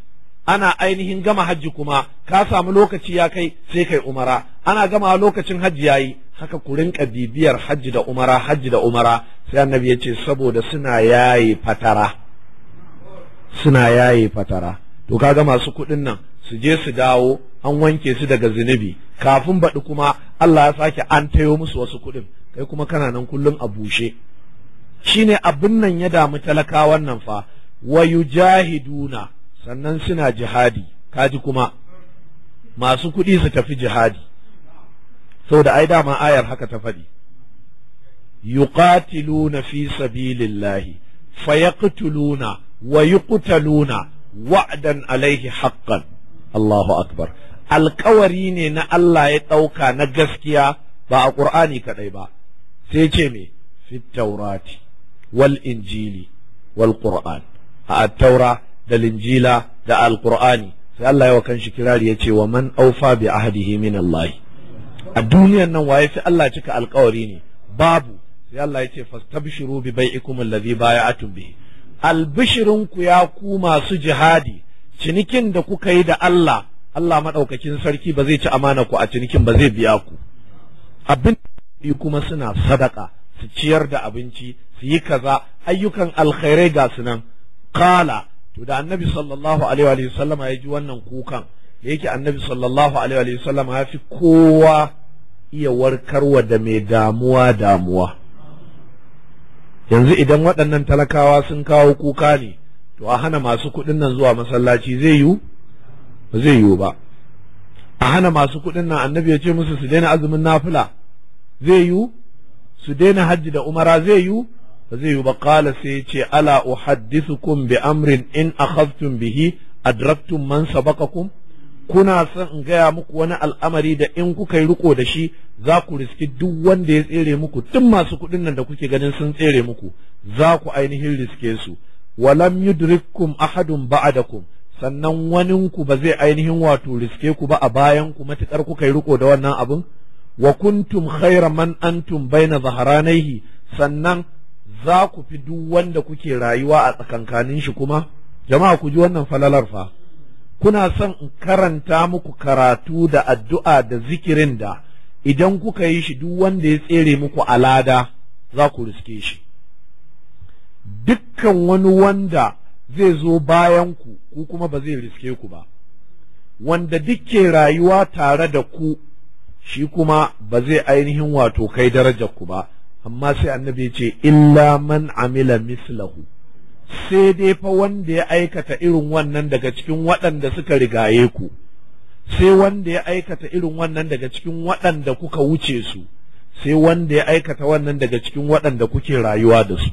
ana ainihin gama hajji kuma ka samu lokaci ya kai sai kai umara ana gama lokacin hajji yayi haka ku rinka bibiyar hajji da umara hajji da umara sai annabi ya ce saboda suna yayi fatara suna yaye fatara to kaga masu kuɗin nan su je su dawo an wanke su daga zunubi kafin baɗi kuma Allah ya sake an tayo musu wasu kuɗin kai kuma kana nan kullum a bushe shine abin nan ya damu talakawan nan fa wa yujahiduna sannan suna jihadi kaji kuma masu kuɗi su tafi jihadi saboda ai dama ayar haka ta faɗi yuqatiluna fi sabilillahi fayaqtuluna wa yuqtaluna wa'dan alaihi haqqan Allahu akbar Alƙawari ne na Allah ya ɗauka na gaskiya ba a ƙur'ani kaɗai ba sai ce me Fi taurati wal injili wal qur'an a taura da linjila da alƙur'ani sai Allah ya wa kanshi kirari ya ce wa man aufa bi ahdihi min Allah a duniyan nan waye sai Allah cika alkawari ne babu sai Allah ya ce fastabshiru bi bai'ikum baya bay'atum bihi albishirinku ya ku masu jihadi cinikin da kuka yi da Allah Allah maɗaukakin sarki ba zai ci amana ku a cinikin ba zai biya ku abin kuma suna sadaka su ciyar da abinci su yi kaza ayyukan alkhairai ga su nan kala to da annabi sallallahu alaihi wa sallama ya ji wannan kukan da yake annabi sallallahu alaihi wa sallama ya fi kowa iya warkarwa da mai damuwa damuwa yanzu idan waɗannan talakawa sun kawo kuka ne to a hana masu kuɗin nan zuwa masallaci zai yiwu ba zai yiwu ba a hana masu kuɗin nan annabi ya ce musu su daina azumin nafila zai yiwu su daina hajji da umara zai yiwu ba zai yiwu ba kala sai ya ce ala uhaddithukum bi amrin in akhadhtum bihi adraktum man sabaqakum kuna son in gaya muku wani al'amari da in kuka yi riko da shi za ku riski duk wanda ya tsere muku tun masu kuɗin nan da kuke ganin sun tsere muku za ku ainihin riske su walam yudrikkum ahadun ba'adakum sannan waninku ba zai ainihin wato riske ku ba a bayan ku matukar kuka yi riko da wannan abin wa kuntum khayra man antum baina zaharanaihi sannan za ku fi duk wanda kuke rayuwa a tsakankanin shi kuma jama'a ku ji wannan falalar fa kuna son in karanta muku karatu da addu'a da zikirin da idan kuka yi shi duk wanda ya tsere muku alada za ku riske shi dukkan wani wanda zai zo bayan ku ku kuma ba zai riske ku ba wanda dukke rayuwa tare da ku shi kuma ba zai ainihin wato kai darajar ku ba amma sai annabi ce illa man amila mislahu sai dai fa wanda ya aikata irin wannan daga cikin waɗanda suka rigaye ku sai wanda ya aikata irin wannan daga cikin waɗanda kuka wuce su sai wanda ya aikata wannan daga cikin waɗanda kuke rayuwa da su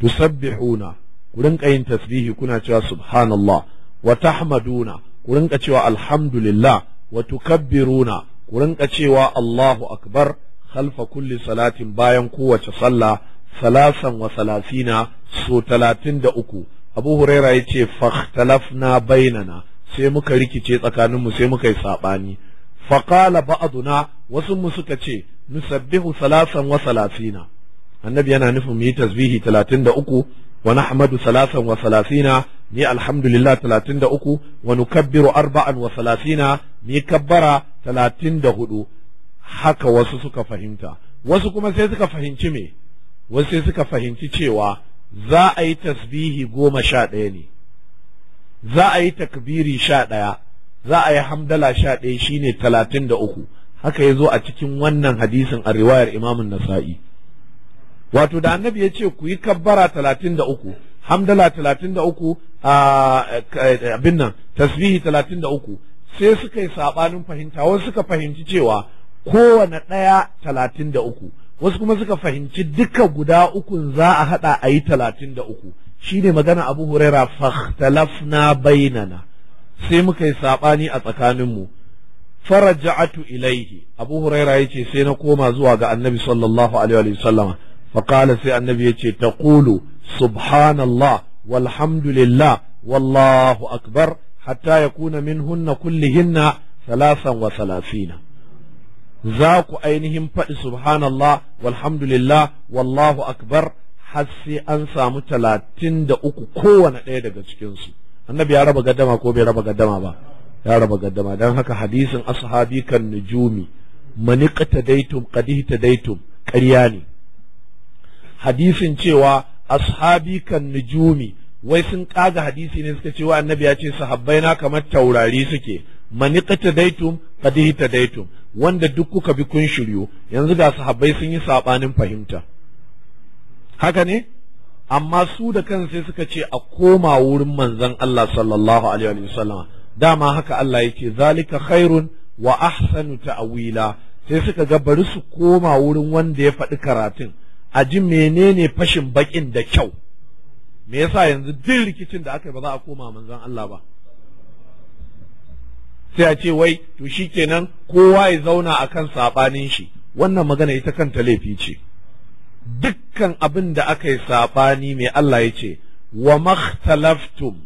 tusabbihuna ku rinka yin tasbihi kuna cewa subhanallah wa tahmaduna ku rinka cewa alhamdulillah wa tukabbiruna ku rinka cewa Allahu akbar khalfa kulli salatin bayan kowace sallah salasan wa salasina so talatin da uku abu huraira ya ce fakhtalafna bainana sai muka rikice tsakaninmu sai muka yi saɓani faƙala ba'aduna wasu mu suka ce nusabbihu salasan wa salasina annabi yana nufin mu yi tasbihi talatin da uku wa nahmadu salasan wa salasina ni alhamdulillah talatin da uku wa nukabbiru arba'an wa salasina ni kabbara talatin da hudu haka wasu suka fahimta wasu kuma sai suka fahimci me wasu suka fahimci cewa za a yi tasbihi goma sha ɗaya ne za a yi takbiri sha ɗaya za a yi hamdala sha ɗaya ne talatin da uku haka ya zo a cikin wannan hadisin a riwayar imamun nasa'i wato da annabi ya ce ku yi kabbara talatin da uku hamdala talatin da uku abin nan tasbihi talatin da uku sai suka yi saɓanin fahimta wasu suka fahimci cewa kowane ɗaya talatin da uku wasu kuma suka fahimci duka guda ukun za a haɗa a yi talatin da uku shine magana abu huraira fahtalafna bainana sai muka yi saɓani a tsakaninmu faraja'atu ilaihi abu huraira ya ce sai na koma zuwa ga annabi sallallahu alaihi wasallama faƙala sai annabi ya ce kulu subhanallah walhamdulillah wallahu akbar hatta hunna minhunna kullihinna salasan wa salasina za ku ainihin faɗi subhanallah walhamdulillah wallahu akbar har sai an samu talatin da uku kowane ɗaya daga cikinsu annabi ya raba gaddama ko bai raba gaddama ba ya raba gaddama don haka hadisin ashabi kan nujumi maniqta daitum qadihta daitum ƙarya ne hadisin cewa ashabi kan nujumi wai sun kaga hadisi ne suka ce wa annabi ya ce sahabbai na kamar taurari suke maniqta daitum qadihta daitum wanda duk kuka bi kun shiryo yanzu ga sahabbai sun yi saɓanin fahimta haka ne amma su da kan sai suka ce a koma wurin manzon Allah sallallahu alaihi wasallam dama haka Allah yake zalika khairun wa ahsanu ta'wila sai suka ga bari su koma wurin wanda ya faɗi karatun a ji menene fashin bakin da kyau me yasa yanzu duk rikicin da aka yi ba za a koma manzon Allah ba sai a ce wai to shikenan kowa ya zauna akan sabanin shi wannan magana ita kanta laifi ce dukkan abin da aka yi sabani mai Allah ya ce wa makhtalaftum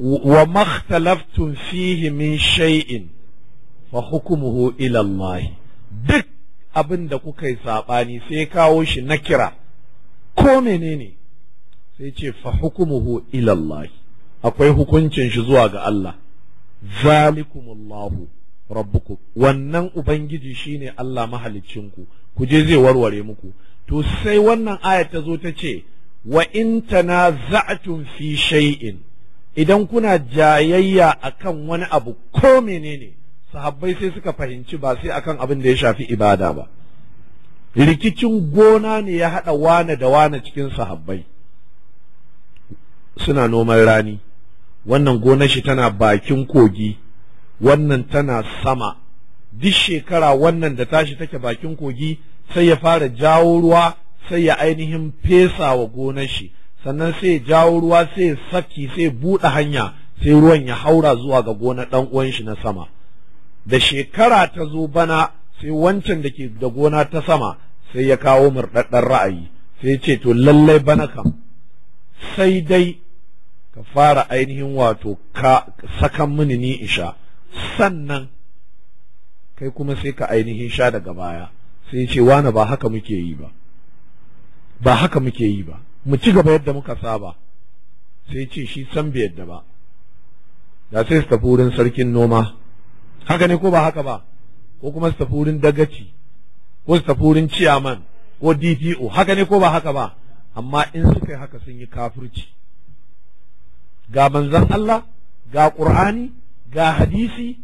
wa makhtalaftum fihi min shay'in fa hukmuhu ila Allah duk abin da kuka yi sabani sai kawo shi nakira ko menene sai ce fa hukmuhu ila Allah akwai hukuncin shi zuwa ga Allah zalikumullahu rabbukum wannan ubangiji shine Allah mahaliccinku ku Ku je zai warware muku to sai wannan aya ta zo ta ce wa in tanaza'tum fi shay'in idan kuna jayayya akan wani abu ko menene sahabbai sai suka fahimci ba sai akan abin da ya shafi ibada ba rikicin gona ne ya haɗa wane da wane cikin sahabbai suna noman rani wannan gonar shi tana bakin kogi wannan tana sama duk shekara wannan da tashi take bakin kogi sai ya fara jawo ruwa sai ya ainihin fesa wa gonar shi sannan sai ya jawo ruwa sai ya saki sai ya buɗe hanya sai ruwan ya haura zuwa ga gonar ɗan uwan shi na sama da shekara ta zo bana sai wancan da ke da gona ta sama sai ya kawo murɗaɗɗen ra'ayi sai ya ce to lallai bana kam sai dai ka fara ainihin wato ka sakan mini ni in sha sannan kai kuma sai ka ainihin sha daga baya sai ce wani ba haka muke yi ba ba haka muke yi ba mu ci gaba yadda muka saba sai ce shi san bai yadda ba da sai su tafi wurin sarkin noma haka ne ko ba haka ba ko kuma su tafi wurin dagaci ko su tafi wurin ciyaman ko DPO haka ne ko ba haka ba amma in suka yi haka sun yi kafirci ga manzon Allah ga Qur'ani ga hadisi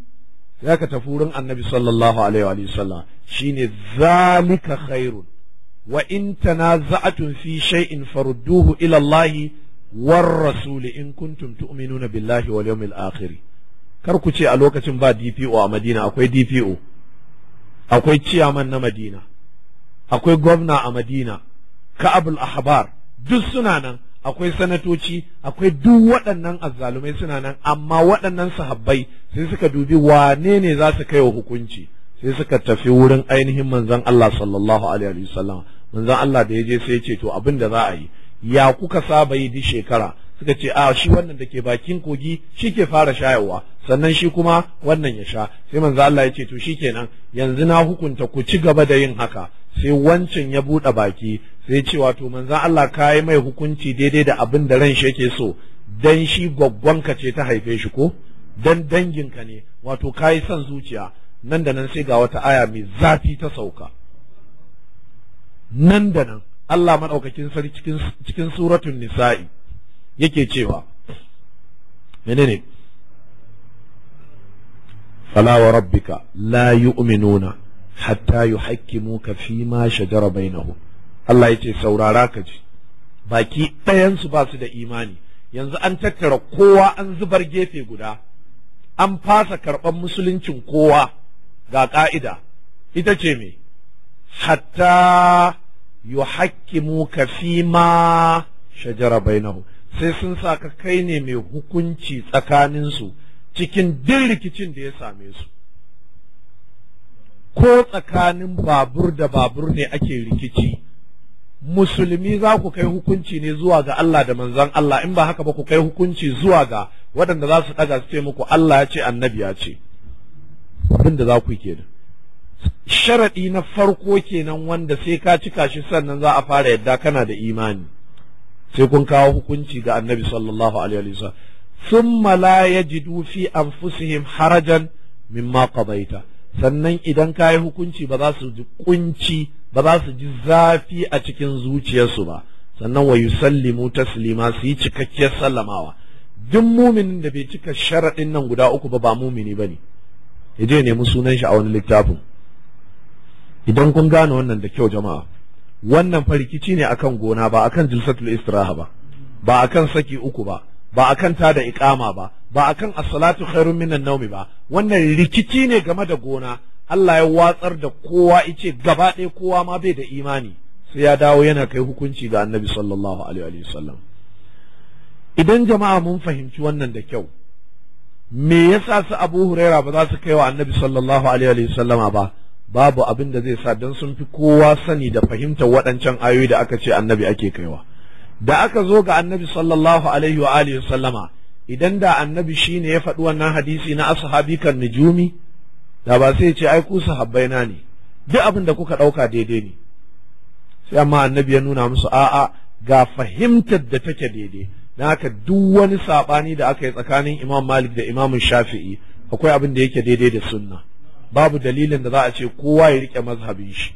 sai ka tafi wurin Annabi sallallahu alaihi wa sallam shine zalika khairun wa in tanaza'tum fi shay'in farudduhu ila Allah war rasul in kuntum tu'minuna billahi wal yawmil akhir kar ku ce a lokacin ba DPO a Madina akwai DPO akwai ciyaman na Madina akwai gwamna a Madina ka'abul ahbar duk suna nan akwai sanatoci akwai duk waɗannan azzalumai suna nan amma waɗannan sahabbai sai suka dubi wane ne za su kai wa hukunci sai suka tafi wurin ainihin manzon Allah sallallahu alaihi wasallam manzon Allah da ya je sai ya ce to abin da za a yi ya kuka saba yi duk shekara suka ce a shi wannan da ke bakin kogi shi ke fara shayarwa sannan shi kuma wannan ya sha sai manzo Allah ya ce to shikenan yanzu na hukunta ku ci gaba da yin haka sai wancan ya buɗe baki zai ce wato manzan Allah ka yi mai hukunci daidai da abin da ran shi yake so dan shi gwaggwanka ce ta haife shi ko dan danginka ne wato ka yi son zuciya nan da nan sai ga wata aya mai zafi ta sauka nan da nan Allah maɗaukakin sarki cikin suratun nisa'i yake cewa menene fala wa rabbika la yu'minuna hatta yuhakkimuka fima shajara bainahum Allah ya ce saurara ka ji baki ɗayansu ba su da imani yanzu an tattara kowa an zubar gefe guda an fasa karɓar musuluncin kowa ga ƙa'ida ita ce me hatta yu yuhakkimu ka fi ma shajara bainahu sai sun sa ka kai ne mai hukunci tsakaninsu cikin duk rikicin da ya same su ko tsakanin babur da babur ne ake rikici musulmi za ku kai hukunci ne zuwa ga Allah da manzan Allah in ba haka ba ku kai hukunci zuwa ga waɗanda za su ɗaga su ce muku Allah ya ce annabi ya ce abin za ku da sharaɗi na farko kenan wanda sai ka cika shi sannan za a fara yadda kana da imani sai kun kawo hukunci ga annabi sallallahu alaihi wasallam thumma la yajidu fi anfusihim harajan mimma qadaita sannan idan ka yi hukunci ba za su ji kunci ba za su ji zafi a cikin zuciyarsu ba sannan wa yusallimu taslima su yi cikakkiyar sallamawa duk muminin da bai cika sharaɗin nan guda uku ba ba mumini bane ya je nemi sunan shi a wani littafin idan kun gane wannan da kyau jama'a wannan farikici ne akan gona ba akan jilsatul istiraha ba ba akan saki uku ba ba akan tada ikama ba ba akan as-salatu khairun minan nawmi ba wannan rikici ne game da gona Allah ya watsar da kowa ice gaba ɗaya kowa ma bai da imani sai ya dawo yana kai hukunci ga annabi sallallahu alaihi wasallam idan jama'a mun fahimci wannan da kyau me yasa su Abu Huraira ba za su kai wa annabi sallallahu alaihi wasallama ba babu abin da zai sa don sun fi kowa sani da fahimtar waɗancan ayoyi da aka ce annabi ake kaiwa da aka zo ga annabi sallallahu alaihi wa alihi idan da annabi shine ya faɗi wannan hadisi na ashabi kan nujumi da ba sai ce ai ku sahabbai na ne duk abin da kuka ɗauka daidai ne sai amma annabi ya nuna musu a'a ga fahimtar da take daidai na haka duk wani saɓani da aka yi tsakanin imam malik da imam shafi'i akwai abin da yake daidai da sunna babu dalilin da za a ce kowa ya rike mazhabin shi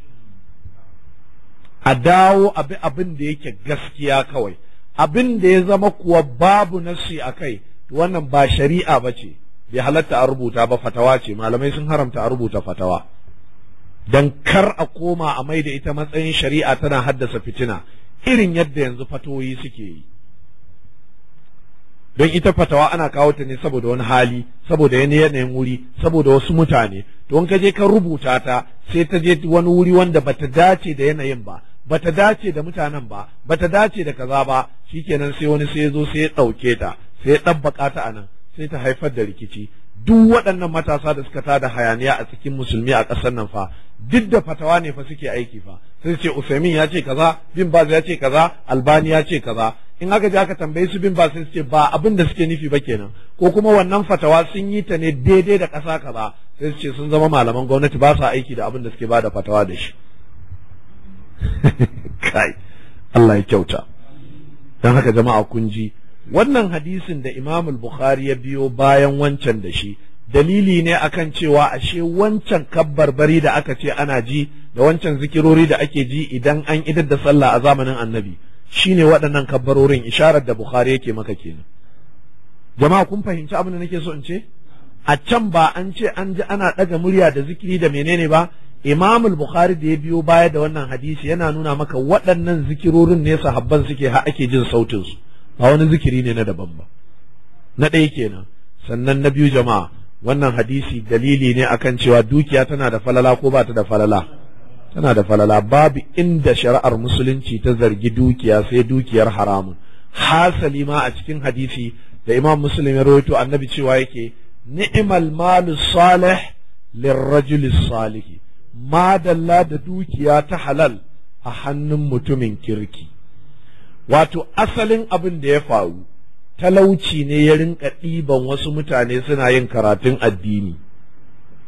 a dawo abi abin da yake gaskiya kawai abin da ya zama kuwa babu nasi a kai wannan ba shari'a ba ce bai halatta a rubuta ba fatawa ce malamai sun haramta a rubuta fatawa don kar a koma a mai da ita matsayin shari'a tana haddasa fitina irin yadda yanzu fatoyi suke yi don ita fatawa ana kawo ta ne saboda wani hali saboda yanayin wuri saboda wasu mutane to in ka je ka rubuta ta sai ta je wani wuri wanda bata dace da yanayin ba bata dace da mutanen ba bata dace da kaza ba shikenan sai wani sai ya zo sai ya ɗauke ta sai ya ɗabbaka ta nan. sai ta haifar da rikici duk waɗannan matasa da suka tada hayaniya a cikin musulmi a ƙasar nan fa duk da fatawa ne fa suke aiki fa sai ce Usaimin ya ce kaza bin Baz ya ce kaza Albani ya ce kaza in aka je aka tambayi su bin Baz sai ce ba abin da suke nufi ba kenan ko kuma wannan fatawa sun yi ta ne daidai da ƙasa kaza sai su ce sun zama malaman gwamnati ba su aiki da abin da suke bada fatawa da shi kai Allah ya kyauta don haka jama'a kun ji wannan hadisin da Imam bukhari ya biyo bayan wancan da shi dalili ne akan cewa ashe wancan kabbarbari da aka ce ana ji da wancan zikirori da ake ji idan an idar da sallah a zamanin annabi shine waɗannan kabbarorin isharar da Bukhari yake maka kenan jama'a kun fahimci abin da nake so in ce a can ba an ce an ji ana ɗaga murya da zikiri da menene ba Imam bukhari da ya biyo baya da wannan hadisi yana nuna maka waɗannan zikirorin ne sahabban suke har ake jin sautin su ba wani zikiri ne na daban ba na ɗaya kenan sannan na biyu jama'a wannan hadisi dalili ne akan cewa dukiya tana da falala ko ba ta da falala tana da falala babu inda shari'ar musulunci ta zargi dukiya sai dukiyar haramun hasali ma a cikin hadisi da imam Musulmi ya rawaito annabi cewa yake ni'mal malu salih lirrajuli Salihi. madalla da dukiya ta halal a hannun mutumin kirki wato asalin abin da ya faru talauci ne ya rinka ɗiban wasu mutane suna yin karatun addini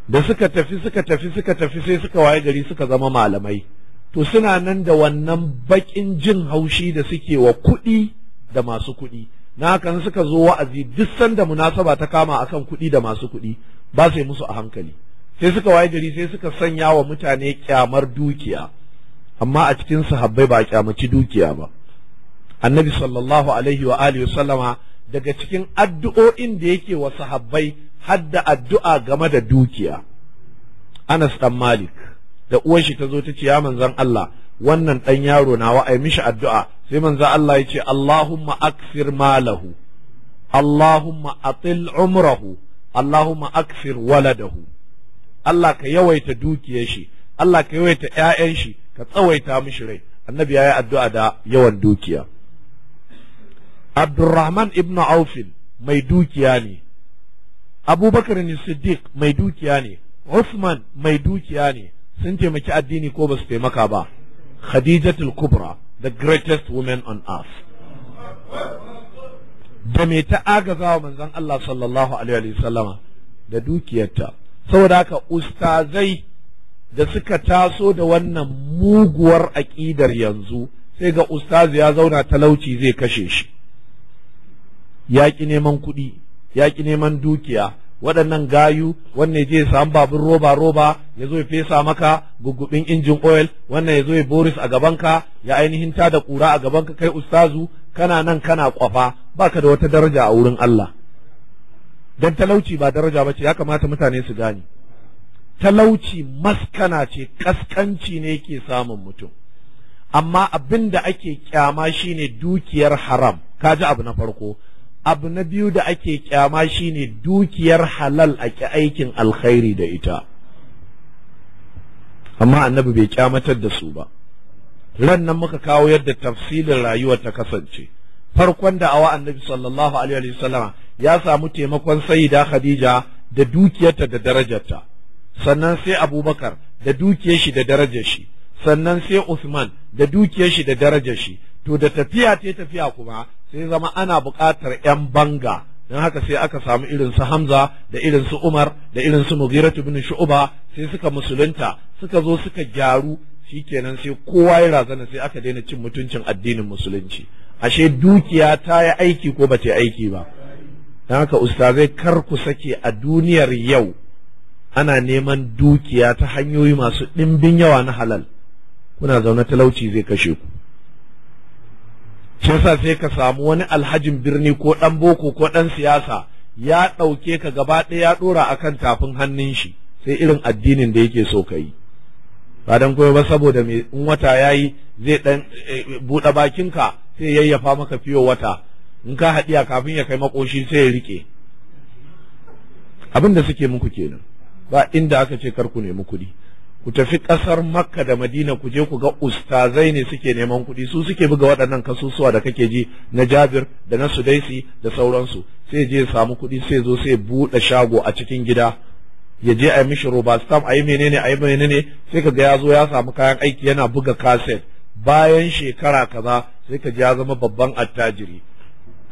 da suka tafi suka tafi suka tafi sai suka waye gari suka zama malamai to suna nan da wannan baƙin jin haushi da suke wa kuɗi da masu kuɗi na hakan suka zo wa'azi duk sanda munasaba ta kama akan kuɗi da masu kuɗi ba sai musu a hankali sai suka waye gari sai suka sanya wa mutane kyamar dukiya amma a cikin sahabbai ba kyamaci dukiya ba annabi sallallahu alaihi wa alihi sallama daga cikin addu'o'in da yake wa sahabbai hadda addu'a game da dukiya Anas dan Malik da uwar shi ta zo ta ce ya manzon Allah wannan dan yaro nawa ai mishi addu'a sai manzon Allah ya ce Allahumma aksir malahu Allahumma atil umrahu Allahumma aksir waladahu Allah ka yawaita dukiyar shi Allah ka yawaita ƴaƴan shi ka tsawaita mishi rai annabi yayi addu'a da yawan dukiya abdurrahman ibn aufin mai dukiya ne abubakar siddiq mai dukiya ne usman mai dukiya ne sun taimaki addini ko ba su taimaka ba khadijatul kubra the greatest woman on earth da mai ta agaza wa manzon Allah sallallahu alaihi wa sallama da dukiyarta saboda haka ustazai da suka taso da wannan muguwar aƙidar yanzu sai ga ustazi ya zauna talauci zai kashe shi yaƙi neman kuɗi yaƙi neman dukiya waɗannan gayu wannan ya je ya samu babin roba roba ya zo ya fesa maka guggubin injin oil wannan ya zo ya boris a gabanka ya ainihin ta da ƙura a gabanka kai ustazu kana nan kana kwafa baka da wata daraja a wurin Allah dan talauci ba daraja bace ya kamata mutane su gane talauci maskana ce ƙasƙanci ne yake samun mutum amma abin da ake kyama shine dukiyar haram ka ji abu na farko abu na biyu da ake kyama shine dukiyar halal a ki aikin alkhairi da ita amma annabi bai kyamatar da su ba ran nan muka kawo yadda tafsilin rayuwar ta kasance farkon da awa annabi sallallahu alaihi wasallama ya samu taimakon sayyida khadija da dukiyarta da darajarta sannan sai abubakar da dukiyar shi da darajar shi sannan sai Usman da dukiyar shi da darajar shi to da tafiya ta tafiya kuma sai zama ana buƙatar 'yan banga don haka sai aka samu irin su Hamza da irin su Umar da irin su Mughiratu bin Shu'ba sai suka musulunta suka zo suka gyaru shikenan sai kowa ya razana sai aka daina cin mutuncin addinin musulunci ashe dukiya ta yi aiki ko ba ta yi aiki ba don haka ustazai kar ku sake a duniyar yau ana neman dukiya ta hanyoyi masu ɗimbin yawa na halal kuna zaune talauci zai kashe ku shi sai ka samu wani alhajin birni ko dan boko ko dan siyasa ya ɗauke ka gaba ɗaya ya ɗora akan tafin hannun shi sai irin addinin da yake so ka ba dan koyo ba saboda me in wata yayi zai dan eh, eh, buɗe ka sai yayyafa maka fiyo wata in ka haɗiya kafin ya kai makoshi sai ya rike abin da suke muku kenan ba inda aka ce kar ku nemi kuɗi ku tafi ƙasar makka da madina ku je ku ga ustazai ne suke neman kuɗi su suke buga waɗannan kasusuwa da kake ji na jabir da na sudaisi da sauransu sai je ya samu kuɗi sai zo sai buɗe shago a cikin gida ya je a yi mishi robastam a yi menene a yi menene sai ka ga ya zo ya samu kayan aiki yana buga kaset bayan shekara kaza sai ka ji ya zama babban attajiri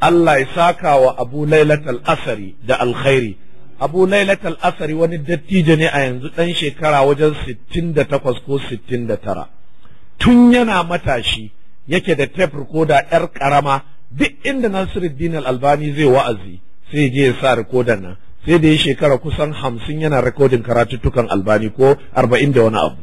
Allah ya saka wa Abu Lailatul Asari da alkhairi abu lailat al-asari wani dattijo ne a yanzu dan shekara wajen 68 ko 69 tun yana matashi yake da tape recorder yar karama duk inda Nasiruddin al-Albani zai wa'azi sai je ya sa recorder nan sai da ya shekara kusan 50 yana recording karatuttukan Albani ko 40 da wani abu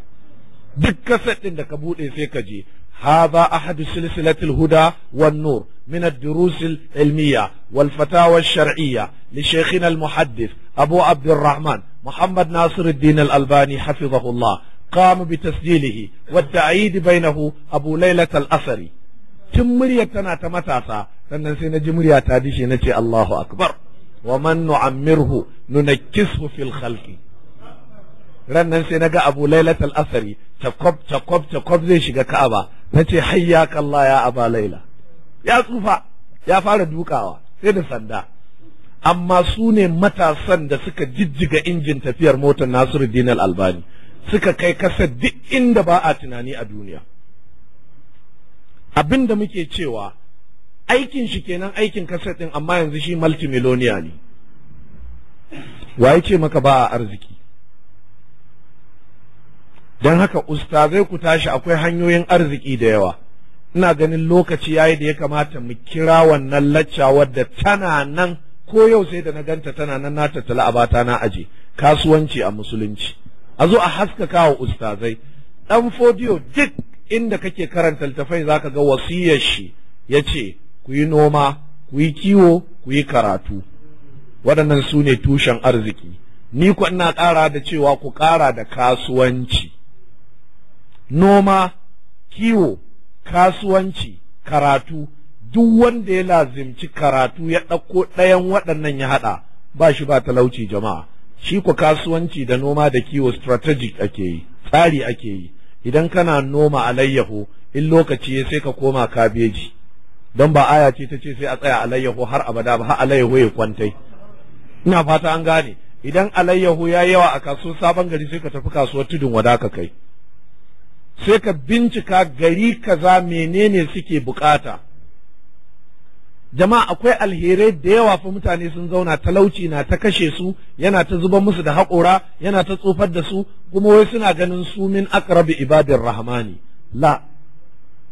duk kaset din da ka bude sai ka je هذا أحد سلسلة الهدى والنور من الدروس العلمية والفتاوى الشرعية لشيخنا المحدث أبو عبد الرحمن محمد ناصر الدين الألباني حفظه الله قام بتسجيله والتعييد بينه أبو ليلة الأثري تمرية تنا تمتاسا فننسينا جمرية تاديشي نتي الله أكبر ومن نعمره ننكسه في الخلق rannan sai naga Abu Lailat al-Asari takwab takwab takwab zai shiga Ka'aba nace hayyaka Allah ya Aba Laila ya tsufa ya fara dukawa sai da sanda amma su ne matasan da suka jijjiga injin tafiyar motar Nasiruddin al-Albani suka kai kasa duk inda ba a tunani a duniya abin da muke cewa aikin shi kenan aikin kaset din amma yanzu shi multimillionaire ne wa yake maka ba a arziki don haka ustazai ku tashi akwai hanyoyin arziki da yawa ina ganin lokaci yayi da ya kamata mu kira wannan lacca wadda tana nan ko yau sai da na ganta tana nan na tattala a bata na aje kasuwanci a musulunci a zo a haskaka wa ustazai dan fodiyo duk inda kake karanta littafai zaka ga wasiyar shi yace ku yi noma ku yi kiwo ku yi karatu waɗannan su ne tushen arziki ni kuwa ina ƙara da cewa ku ƙara da kasuwanci noma kiwo kasuwanci karatu duk wanda ya lazimci karatu ya ɗauko ɗayan waɗannan ya haɗa ba shi ba talauci jama'a shi ku kasuwanci da noma da kiwo strategic ake yi tsari ake yi idan kana noma alayyahu in lokaci ya sai ka koma kabeji don ba aya ce ta ce sai a tsaya alayyahu har abada ba har alayyahu ya kwantai ina fata an gane idan alayyahu ya yawa a kasuwar sabon gari sai ka tafi kasuwar tudun wada ka kai sai ka bincika gari kaza menene suke bukata jama'a akwai alherai da yawa fa mutane sun zauna talauci na ta kashe su yana ta zuba musu da haƙora yana ta tsofar da su kuma wai suna ganin su min aqrabi ibadir rahmani la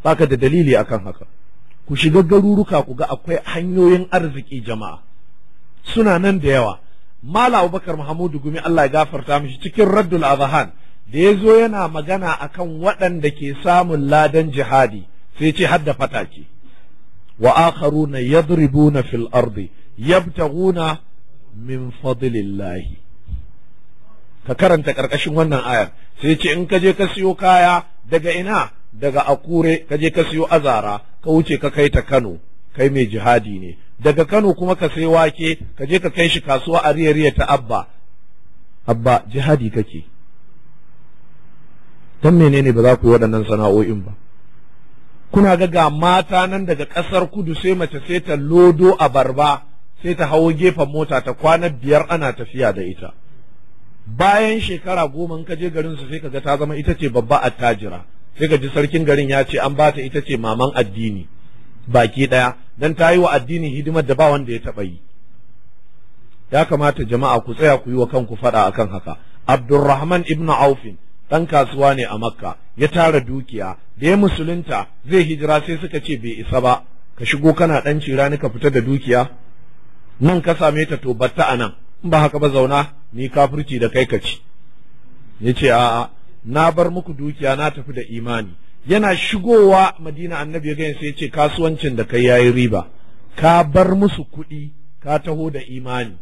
baka da dalili akan haka ku shiga garuruka ku ga akwai hanyoyin arziki jama'a suna nan da yawa mala abubakar mahamudu gumi Allah ya gafarta mishi cikin raddul azhan da ya zo yana magana a kan waɗanda ke samun ladan jihadi sai ce hadda fataki wa akharuna na fil ardi yabtaghuna min fadlillahi ka karanta karkashin wannan ayar sai ce in ka je ka siyo kaya daga ina daga akure ka je ka siyo azara ka wuce ka kai ta Kano kai mai jihadi ne daga Kano kuma ka sai wake ka je ka kai shi kasuwa a riya ta abba abba jihadi kake dan menene ba za ku waɗannan sana'o'in ba kuna ga ga mata nan daga ƙasar kudu sai mace sai ta lodo a barba sai ta hawo gefen mota ta kwana biyar ana tafiya da ita bayan shekara goma in ka je garin su sai ka ga ta zama ita ce babba attajira sai ka ji sarkin garin ya ce an bata ita ce maman addini baki ɗaya don ta yi wa addini hidimar da ba wanda ya taɓa yi ya kamata jama'a ku tsaya ku yi wa kanku faɗa akan haka Abdulrahman ibnu Aufin ɗan kasuwa ne a makka ya tara dukiya da ya musulunta zai hijira sai suka ce bai isa ba ka shigo kana ɗan cira ni ka fita da dukiya nan ka same ta to batta a nan in ba haka ba zauna ni kafirci da kai ka ci ya ce a'a na bar muku dukiya na tafi da imani yana shigowa madina annabi ya gani sai ya ce kasuwancin da kai yayi riba ka bar musu kuɗi ka taho da imani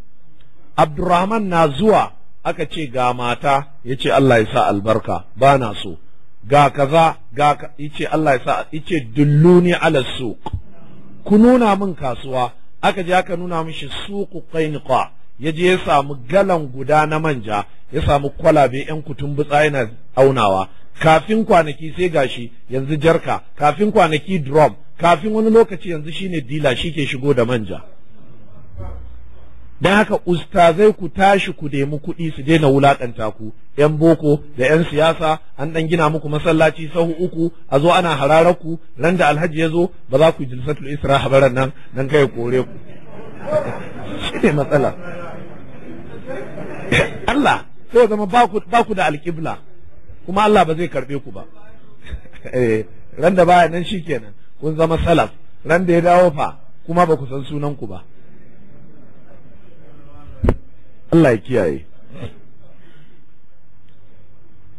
abdurrahman na zuwa aka ce ga mata ya ce Allah ya sa albarka ba na so ga kaza ga ya ce Allah ya sa ya ce ne ala suq ku nuna min kasuwa aka je aka nuna mishi suqu qainqa ya je ya samu galan guda na manja ya samu kwalabe yan kutun butsa yana aunawa kafin kwanaki sai gashi yanzu jarka kafin kwanaki drum kafin wani lokaci yanzu shine dila shike shigo da manja don haka ustazai ku tashi ku nemi kuɗi su daina wulaƙanta ku yan boko da yan siyasa an ɗan gina muku masallaci sahu uku a zo ana hararar ku ran da alhaji ya zo ba za ku yi jilsatul isra habaran nan nan kai kore ku shi ne matsala Allah sai zama ba ku da alƙibla kuma Allah ba zai karɓe ku ba eh, ran da baya nan shikenan kun zama salaf ran da ya dawo fa kuma ba ku san sunan ku ba Allah ya kiyaye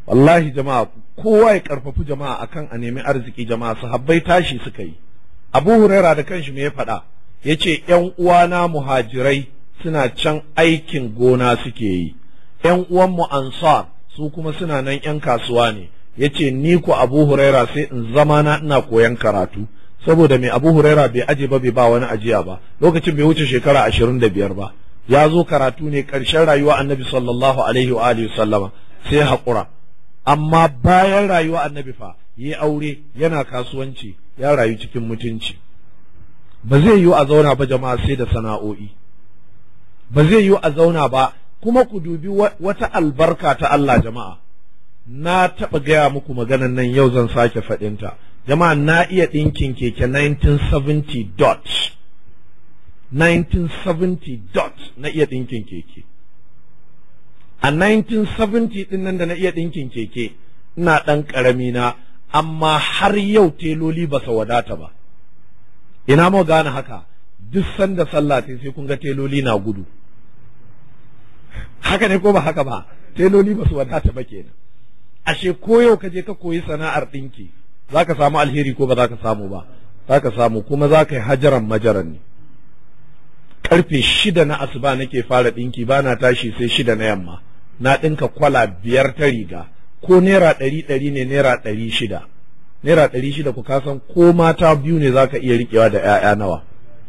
wallahi jama'a kowa ya karfafi jama'a akan a nemi arziki jama'a sahabbai tashi suka yi Abu Huraira da kanshi me ya faɗa yace ƴan uwana muhajirai suna can aikin gona suke yi ƴan uwan mu ansar su kuma suna nan ƴan kasuwa ne yace ni ku Abu Huraira sai in zama na ina koyan karatu saboda mai Abu Huraira bai aje ba bai ba wani ajiya ba lokacin bai wuce shekara ashirin da biyar ba ya zo karatu ne ƙarshen rayuwa annabi sallallahu alaihi wa alihi sallama sai haƙura amma bayan rayuwa annabi fa yi aure yana kasuwanci ya rayu cikin mutunci ba zai yiwu a zauna ba jama'a sai da sana'o'i ba zai yiwu a zauna ba kuma ku dubi wata albarka ta Allah jama'a na taɓa gaya muku maganan nan yau zan sake faɗinta jama'a na iya ɗinkin keke 1970 dot 1970 dot na iya ɗinkin keke a 1970 ɗin nan da na iya ɗinkin keke ina ɗan ƙaramina amma har yau teloli ba sa wadata ba ina mau gane haka duk sanda sallah ta sai kun ga teloli na gudu haka ne ko ba haka ba teloli ba su wadata ba kenan ashe ko yau ka je ka koyi sana'ar ɗinki za ka samu alheri ko ba za ka samu ba za ka samu kuma za ka yi hajaran majaran ne karfe shida na asuba nake fara ɗinki bana tashi sai shida na yamma na dinka kwala biyar ta riga ko naira ɗari ɗari ne naira ɗari shida naira ɗari shida ku kasan ko mata biyu ne zaka iya riƙewa da ƴaƴa nawa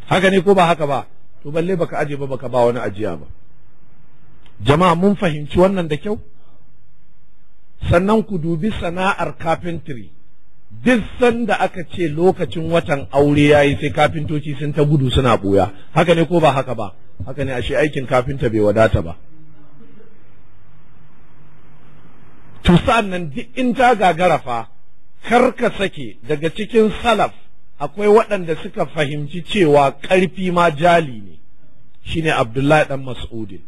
haka ne ko ba haka ba to balle baka aje ba baka ba wani ajiya ba jama'a mun fahimci wannan da kyau sannan ku dubi sana'ar carpentry duk sanda aka ce lokacin watan aure ya yi sai kafintoci sun ta gudu suna buya haka ne ko ba haka ba haka ne ashe aikin kafinta bai wadata ba to nan duk in ta gagara fa kar ka sake daga cikin salaf akwai waɗanda suka fahimci cewa ƙarfi ma jali ne shine Abdullahi dan Mas'udin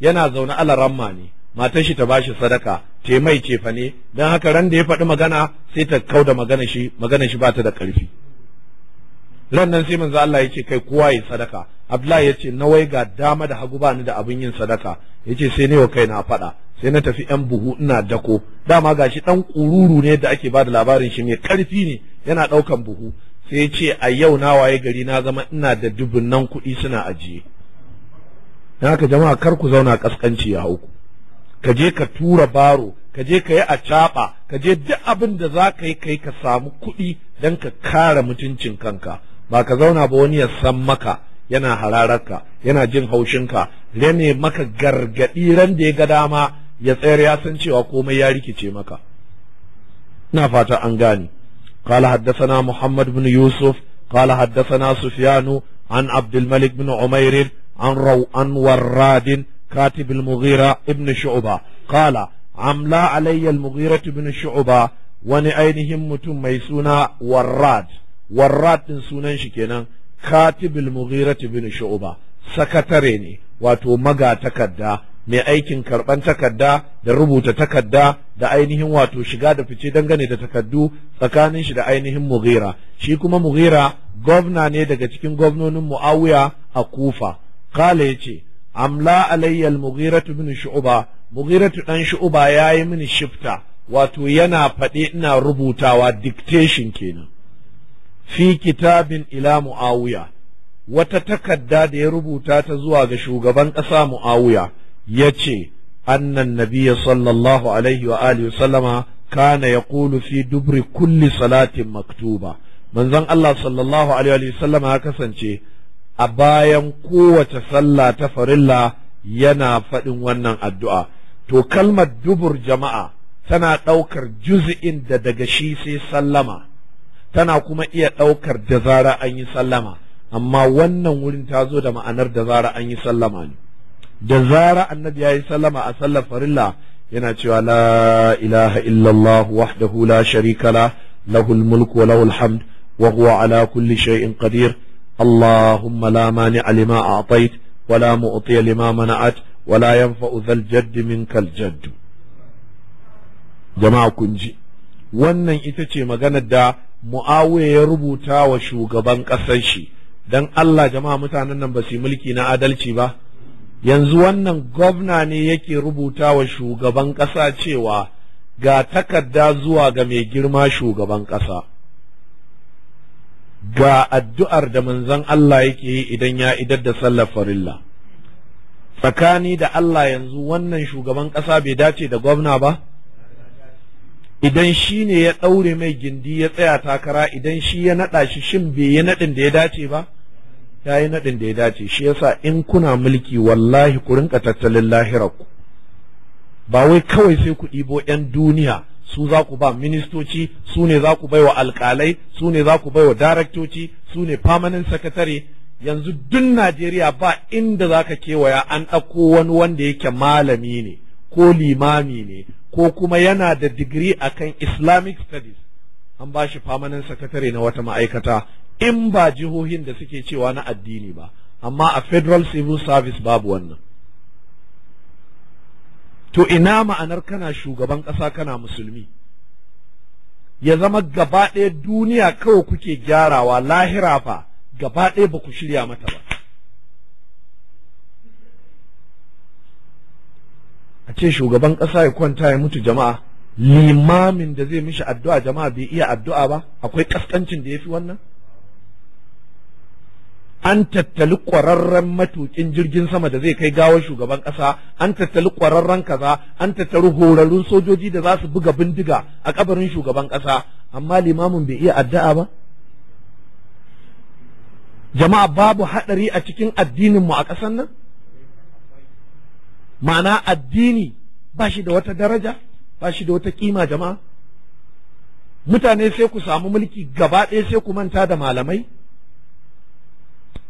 yana zaune ala ramma ne matar shi ta bashi sadaka te mai fa ne don haka ran da ya faɗi magana sai ta kau da magana shi magana shi ba ta da ƙarfi ran nan sai manzo Allah ya ce kai kowa yi sadaka Abdullahi ya ce nawai ga dama da hagu ba ni da abin yin sadaka ya ce sai ne wa kai na faɗa sai na tafi yan buhu ina dako dama gashi ɗan kururu ne da ake ba da labarin shi mai ƙarfi ne yana ɗaukan buhu sai ya ce a yau na waye gari na zama ina da dubunnan kuɗi suna ajiye. Na haka jama'a kar ku zauna kaskanci ya hauku. ka je ka tura baro ka je ka yi a caɓa ka je duk abin da za ka yi kai ka samu kuɗi don ka kare mutuncin kanka ba ka zauna ba wani ya san maka yana hararka yana jin haushinka rene maka gargaɗi ran da ya ga dama ya tsayar ya san cewa komai ya rikice maka ina fata an gane قال حدثنا محمد بن يوسف قال حدثنا سفيان عن عبد الملك بن عمير عن, رو عن وراد كاتب المغيرة ابن شعبة قال عملا علي المغيرة بن شعبة وني أينهم متم ميسونا وراد وراد سونا شكينا كاتب المغيرة بن شعبة سكتريني واتو مغا تكدا mai aikin karban takarda da rubuta takarda da ainihin wato shiga da fice dangane da takardu tsakanin shi da ainihin mughira shi kuma mughira gwamna ne daga cikin gwamnonin muawiya a kufa kala ya ce amla alayyal al-mughira ibn shu'ba mughira dan shu'ba yayi mini shifta wato yana faɗe ina rubutawa dictation kenan fi kitabin ila muawiya wata takarda da ya rubuta ta zuwa ga shugaban ƙasa muawiya yace annan nabiyya sallallahu alaihi wa alihi sallama kana yaqulu fi dubri kulli salatin maktuba manzon Allah sallallahu alaihi wa sallama ya kasance a bayan kowace sallah ta farilla yana faɗin wannan addu'a to kalmar dubur jama'a tana ɗaukar juzi'in da daga shi sai sallama tana kuma iya ɗaukar da zara an yi sallama amma wannan wurin ta zo da ma'anar da zara an yi sallama ne da zara annabi ya yi sallama a sallar farilla yana cewa la ilaha illallah wahdahu la sharika la lahul mulku wa lahul hamd wa huwa ala kulli shay'in qadir اللهم لا مانع لما أعطيت ولا معطي لما منعت ولا ينفع ذا الجد منك الجد جماعة كنجي wannan ita ce maganar da mu'awiya ya rubuta wa shugaban ƙasar shi don Allah jama'a mutanen nan ba su mulki na adalci ba yanzu wannan gwamna ne yake rubuta wa shugaban ƙasa cewa ga takarda zuwa ga mai girma shugaban ƙasa ga addu'ar da manzon Allah yake yi idan ya idar da sallar farilla tsakani da Allah yanzu wannan shugaban ƙasa bai dace da gwamna ba idan shi ne ya ɗaure mai gindi ya tsaya takara idan shi ya naɗa shi shin bai yi naɗin da ya dace ba ya yi naɗin da ya dace shi yasa in kuna mulki wallahi ku rinka tattalin lahirarku ba wai kawai sai ku ɗibo 'yan duniya su za ku ba ministoci su ne za ku bai wa alkalai su ne za ku bai wa daraktoci su ne permanent secretary yanzu duk Najeriya ba inda za ka kewaya an ɗauko wani wanda yake malami ne ko limami ne ko kuma yana da digiri akan Islamic studies an ba shi permanent secretary na wata ma'aikata in ba jihohin da suke cewa na addini ba amma a federal civil service babu wannan to ina ma'anar kana shugaban ƙasa kana musulmi ya zama gaba ɗaya duniya kawai kuke gyarawa lahira fa gaba ɗaya ba ku shirya mata ba a ce shugaban ƙasa ya kwanta ya mutu jama'a limamin da zai mishi addu'a jama'a bai iya addu'a ba akwai ƙasƙancin da ya fi wannan an tattali ƙwararren matuƙin jirgin sama da zai kai gawar shugaban ƙasa an tattali ƙwararren kaza an tattali horarrun sojoji da za su buga bindiga a kabarin shugaban ƙasa amma limamin bai iya addu'a ba jama'a babu haɗari a cikin addininmu a ƙasar nan ma'ana addini ba shi da wata daraja ba shi da wata kima jama'a mutane sai ku samu mulki gaba ɗaya sai ku manta da malamai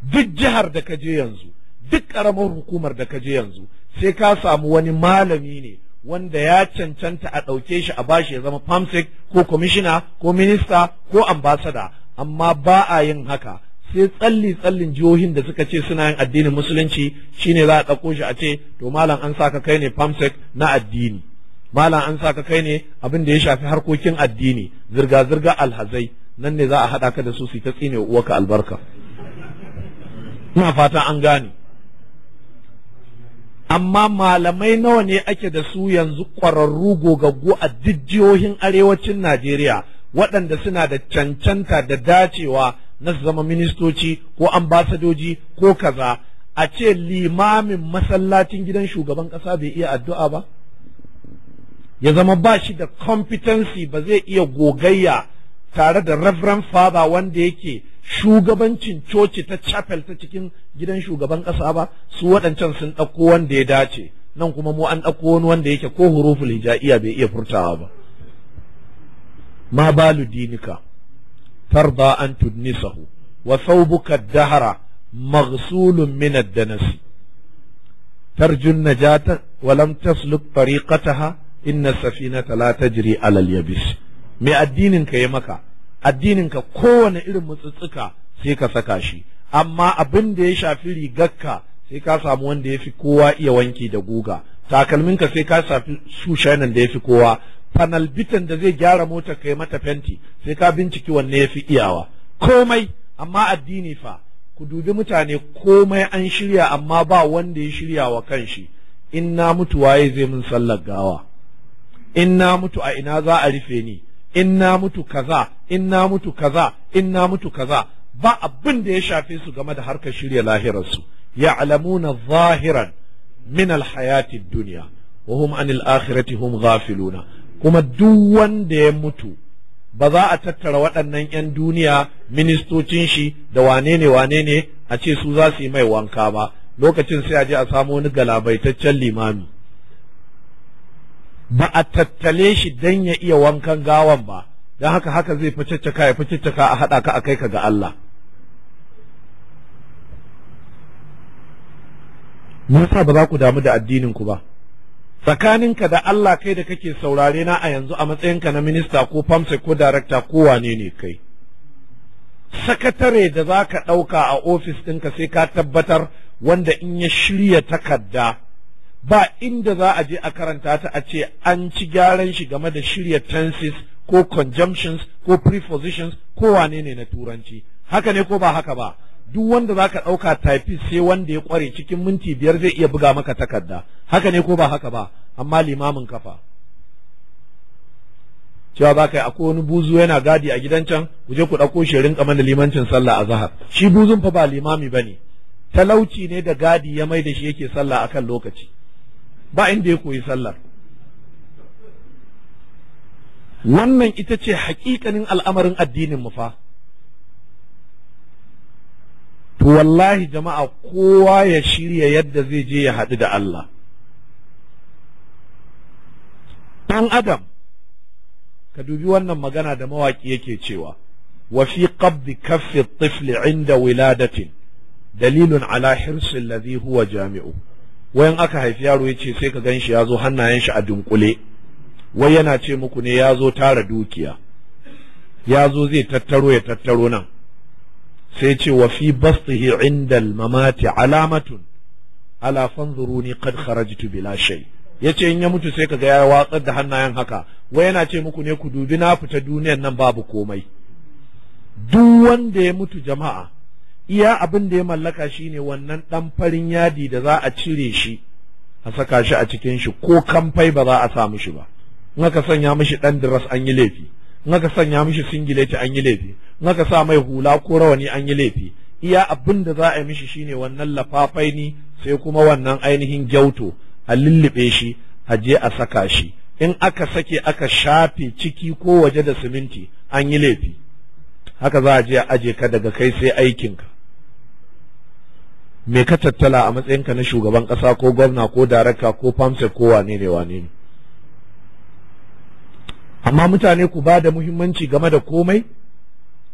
duk jihar da ka je yanzu duk ƙaramar hukumar da ka je yanzu sai ka samu wani malami ne wanda ya cancanta a ɗauke shi a bashi ya zama famsek ko kwamishina ko minista ko ambasada amma ba a yin haka sai tsalli tsallin jihohin da suka ce suna yin addinin musulunci shine za a ɗauko shi a ce to malam an saka kai ne famsek na addini malam an ka kai ne abin da ya shafi harkokin addini zirga-zirga alhazai nan ne za a haɗa ka da su su ta tsine uwaka albarka ina fata an gane amma malamai nawa ne ake da su yanzu ƙwararru gogaggu a jihohin arewacin Najeriya waɗanda suna da cancanta da dacewa na zama ministoci ko ambasadoji ko kaza a ce limamin masallacin gidan shugaban ƙasa bai iya addu'a ba ya zama ba shi da competency ba zai iya gogayya tare da reverend father wanda yake shugabancin coci ta chapel ta cikin gidan shugaban ƙasa ba su waɗancan sun ɗauko wanda ya dace nan kuma mu an ɗauko wani wanda yake ko huruful hijaiya bai iya furtawa ba ma balu dinika tarda an tudnisahu wa thawbuka dahara maghsulun min ad-danas tarjun najata wa lam tasluk tariqataha inna safina la tajri ala al-yabis me addinin ka yi maka addininka kowane irin mutsutsuka sai ka saka shi amma abin da ya shafi rigarka sai ka samu wanda ya fi kowa iya wanki da guga takalminka sai ka shafi su shainan da ya fi kowa panel bitan da zai gyara mota kai mata fenti sai ka binciki wanne ya fi iyawa komai amma addini fa ku dubi mutane komai an shirya amma ba wanda ya shirya wa kanshi in na mutu waye zai mun sallar gawa in na mutu a ina za a rufe ni in na mutu kaza in na mutu kaza in na mutu kaza ba abin da ya shafe su game da harkar shirya lahirarsu ya'lamuna zahiran min alhayati dunya wa hum anil akhirati hum ghafiluna kuma duk wanda ya mutu ba za a tattara waɗannan 'yan duniya ministocin shi da wane ne wane ne a ce su za su yi mai wanka ba lokacin sai a je a samu wani galabaitaccen limami ba a tattale shi don ya iya wankan gawan ba don haka haka zai ficcaka ya ficcaka a haɗa ka a kai ka ga Allah Musa ba za ku damu da addininku ku ba tsakaninka da Allah kai da kake saurare na a yanzu a matsayinka na minista ko famsa ko darakta ko wane ne kai sakatare da za ka ɗauka a ofis ɗinka sai ka tabbatar wanda in ya shirya takarda ba inda za a je a karanta ta a ce an ci gyaran shi game da shirya tenses ko conjunctions ko prepositions ko wane ne na turanci haka ne ko ba haka ba duk wanda za ka ɗauka typist sai wanda ya kware cikin minti biyar zai iya buga maka takarda haka ne ko ba haka ba amma limamin kafa cewa ba kai akwai wani buzu yana gadi a gidan can ku je ku ɗauko shi rinƙa mana limancin sallah a zahar shi buzun fa ba limami ba ne. talauci ne da gadi ya mai da shi yake sallah akan lokaci ba inda ya koyi sallar wannan ita ce hakikanin al'amarin addinin mu fa to wallahi jama'a kowa ya shirya yadda zai je ya haɗu da Allah ɗan adam ka dubi wannan magana da mawaƙi yake cewa wa fi qabdi kaffi tifli inda wiladatin dalilun ala hirsin ladhi huwa jami'u wayan aka haifi yaro ya ce sai ka gan shi ya zo hannayen shi a dunkule wai yana ce muku ne ya zo tara dukiya ya zo zai tattaro ya tattaro nan sai ce wa fi bastihi inda mamati alamatun ala fanzuruni qad kharajtu bila shay yace in ya mutu sai kaga ya watsar da hannayen haka wai yana ce muku ne ku dubi na fita duniyar nan babu komai duk wanda ya mutu jama'a iya abin da ya mallaka shine wannan ɗan farin yadi da za a cire shi a saka shi a cikin shi ko kamfai ba za a sa mishi ba in sanya mishi ɗan diras an yi laifi in sanya mishi singileti an yi laifi in sa mai hula ko rawani an yi laifi iya abin da za a yi mishi shine wannan lafafai ne sai kuma wannan ainihin gyauto a lullube shi a je a saka shi in aka sake aka shafe ciki ko waje da siminti an yi laifi haka za a je a aje ka daga kai sai aikinka me ka tattala a matsayinka na shugaban ƙasa ko gwamna ko darakta ko famsa ko wane ne wane ne amma mutane ku ba da muhimmanci game da komai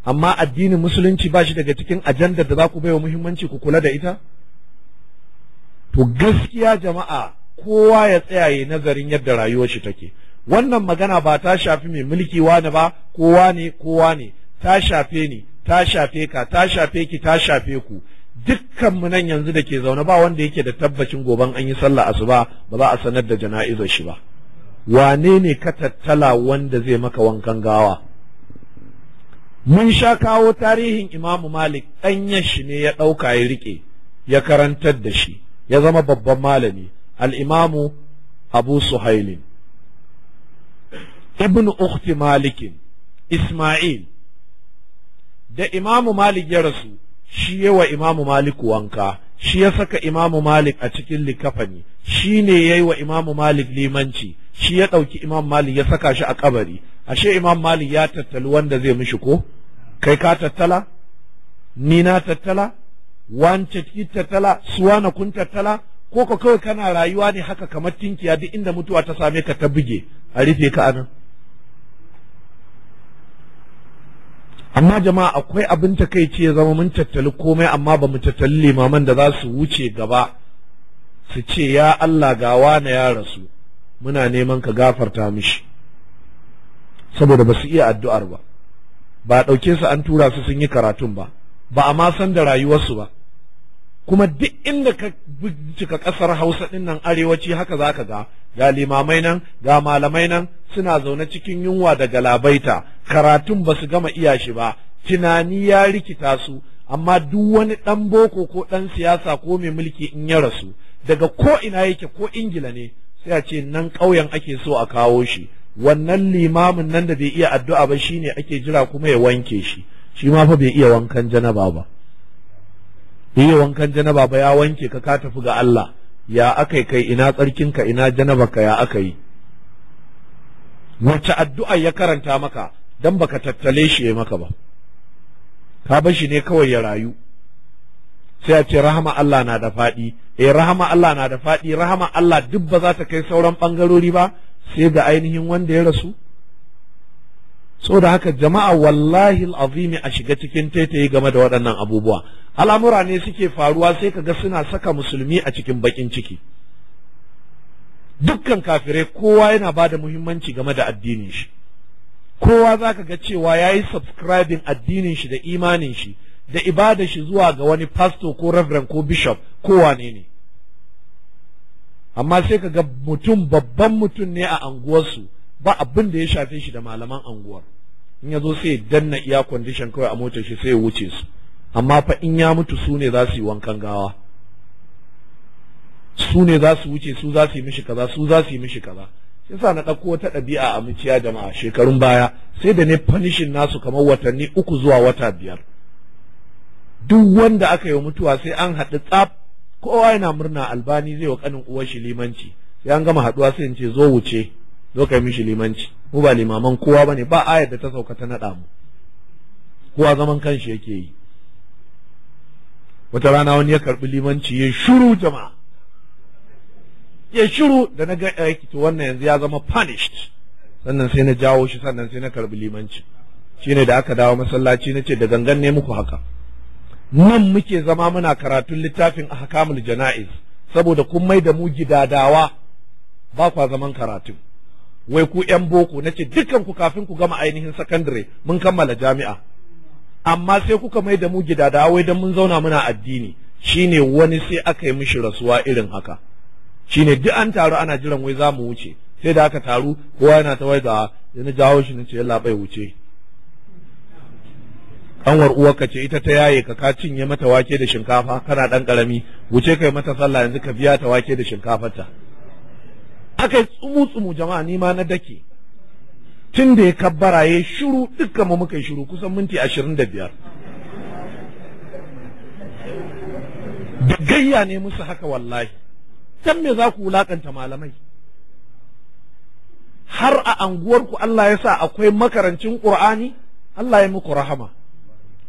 amma addinin musulunci ba shi daga cikin ajandar da za ku baiwa muhimmanci ku kula da ita to gaskiya jama'a kowa ya tsaya nazarin yadda rayuwar shi take wannan magana ba ta shafi mai mulki wani ba kowa ne kowa ne ta shafe ni ta shafe ka ta shafe ki ta shafe ku Dukkanmu nan yanzu da ke zaune ba wanda yake da tabbacin goban an yi sallah asuba ba za a sanar da jana'izar shi ba wane ne ka tattala wanda zai maka wankan gawa mun sha kawo tarihin imamu malik ɗanyen shi ne ya ɗauka ya riƙe ya karantar da shi ya zama babban malami al'imamu abu suhailin ibn ukhti malikin isma'il da imamu malik ya rasu shi wa imamu malik wanka shi ya saka imamu malik a cikin likafani shi ne ya yi wa imamu malik limanci shi ya ɗauki imam malik ya saka shi a kabari ashe imam malik ya tattali wanda zai mishi ko kai ka tattala ni na tattala wance ki tattala suwana kun tattala ko ka kawai kana rayuwa ne haka kamar tinkiya duk inda mutuwa ta same ka ta buge a rufe ka anan amma jama'a akwai abin ta takaici ya zama mun tattali komai amma ba mu tattali limaman da za su wuce gaba su ce ya Allah ga wane ya rasu muna neman ka gafarta mishi saboda ba su iya addu'ar ba ba ɗauke su an tura su sun yi karatun ba ba a ma san da rayuwarsu ba kuma duk inda ka bincika ƙasar hausa ɗinnan nan arewaci haka za ka ga ga limamai nan ga malamai nan suna zaune cikin yunwa da galabaita karatun ba su gama iya shi ba tunani ya rikita su amma duk wani ɗan boko ko ɗan siyasa ko mai mulki in ya rasu daga ko ina yake ko ingila ne sai a ce nan ƙauyen ake so a kawo shi wannan limamin nan da bai iya addu'a ba shine ake jira kuma ya wanke shi shi ma fa bai iya wankan janaba ba yi wankan janaba ba ya wanke ka ka tafi ga Allah ya aka kai ina tsarkinka ina janabaka, ya aka yi wace addu'a ya karanta maka dan baka tattale shi ya maka ba ka bar shi ne kawai ya rayu sai a ce rahama Allah na da faɗi eh rahama Allah na da faɗi rahama Allah duk ba za ta kai sauran ɓangarori ba sai ga ainihin wanda ya rasu so da haka jama'a wallahi azimi a shiga cikin taitaye game da waɗannan abubuwa al'amura ne suke faruwa sai ka ga suna saka musulmi a cikin bakin ciki dukkan kafirai kowa yana ba da muhimmanci game da addinin shi kowa za ka ga cewa ya yi subscribing addinin shi da imanin shi da ibada shi zuwa ga wani pastor ko reverend ko bishop ko wane ne amma sai ka ga mutum babban mutum ne a anguwarsu ba abin da ya shafe shi da malaman anguwar in ya zo sai ya danna iya kwandishan kawai a motar shi sai ya wuce su amma fa in ya mutu su ne za su yi wankan gawa su ne za su wuce su za su yi mishi kaza su za su yi mishi kaza sai sa na ɗauko wata ɗabi'a a muciya jama'a shekarun baya sai da ne fanishin nasu kamar watanni uku zuwa wata biyar duk wanda aka yi mutuwa sai an haɗu tsaf kowa yana murna albani zai wa kanin uwar shi limanci sai an gama haɗuwa sai in ce zo wuce zo ka yi mishi limanci mu ba limaman kowa bane ba ayar da ta sauka ta naɗa mu kowa zaman kanshi yake yi wata rana wani ya karɓi limanci ya shiru jama'a ya shiru da na ga aiki to wannan yanzu ya zama punished sannan sai na jawo shi sannan sai na karɓi limanci shine da aka dawo masallaci na ce da gangan ne muku haka nan muke zama muna karatun littafin a ahkamul jana'iz saboda kun mai da mu gidadawa ba kwa zaman karatu wai ku yan boko na ce dukkan ku kafin ku gama ainihin sakandare mun kammala jami'a amma sai kuka mai da mu gida da wai dan mun zauna muna addini shine wani sai aka yi mishi rasuwa irin haka shine duk an taru ana jiran wai za mu wuce sai da aka taru kowa yana ta waiga yana jawo shi nace yalla bai wuce kanwar uwarka ce ita ta yaye ka ka cinye mata wake da shinkafa kana dan karami wuce kai mata sallah yanzu ka biya ta wake da shinkafarta aka yi tsumu-tsumu jama'a ni ma na dake tun da ya kabbara ya shiru dukkan mu muka yi shiru kusan minti ashirin da biyar da gayya ne musu haka wallahi can me za ku wulakanta malamai har a anguwarku Allah ya sa akwai makarancin ƙur'ani Allah ya muku rahama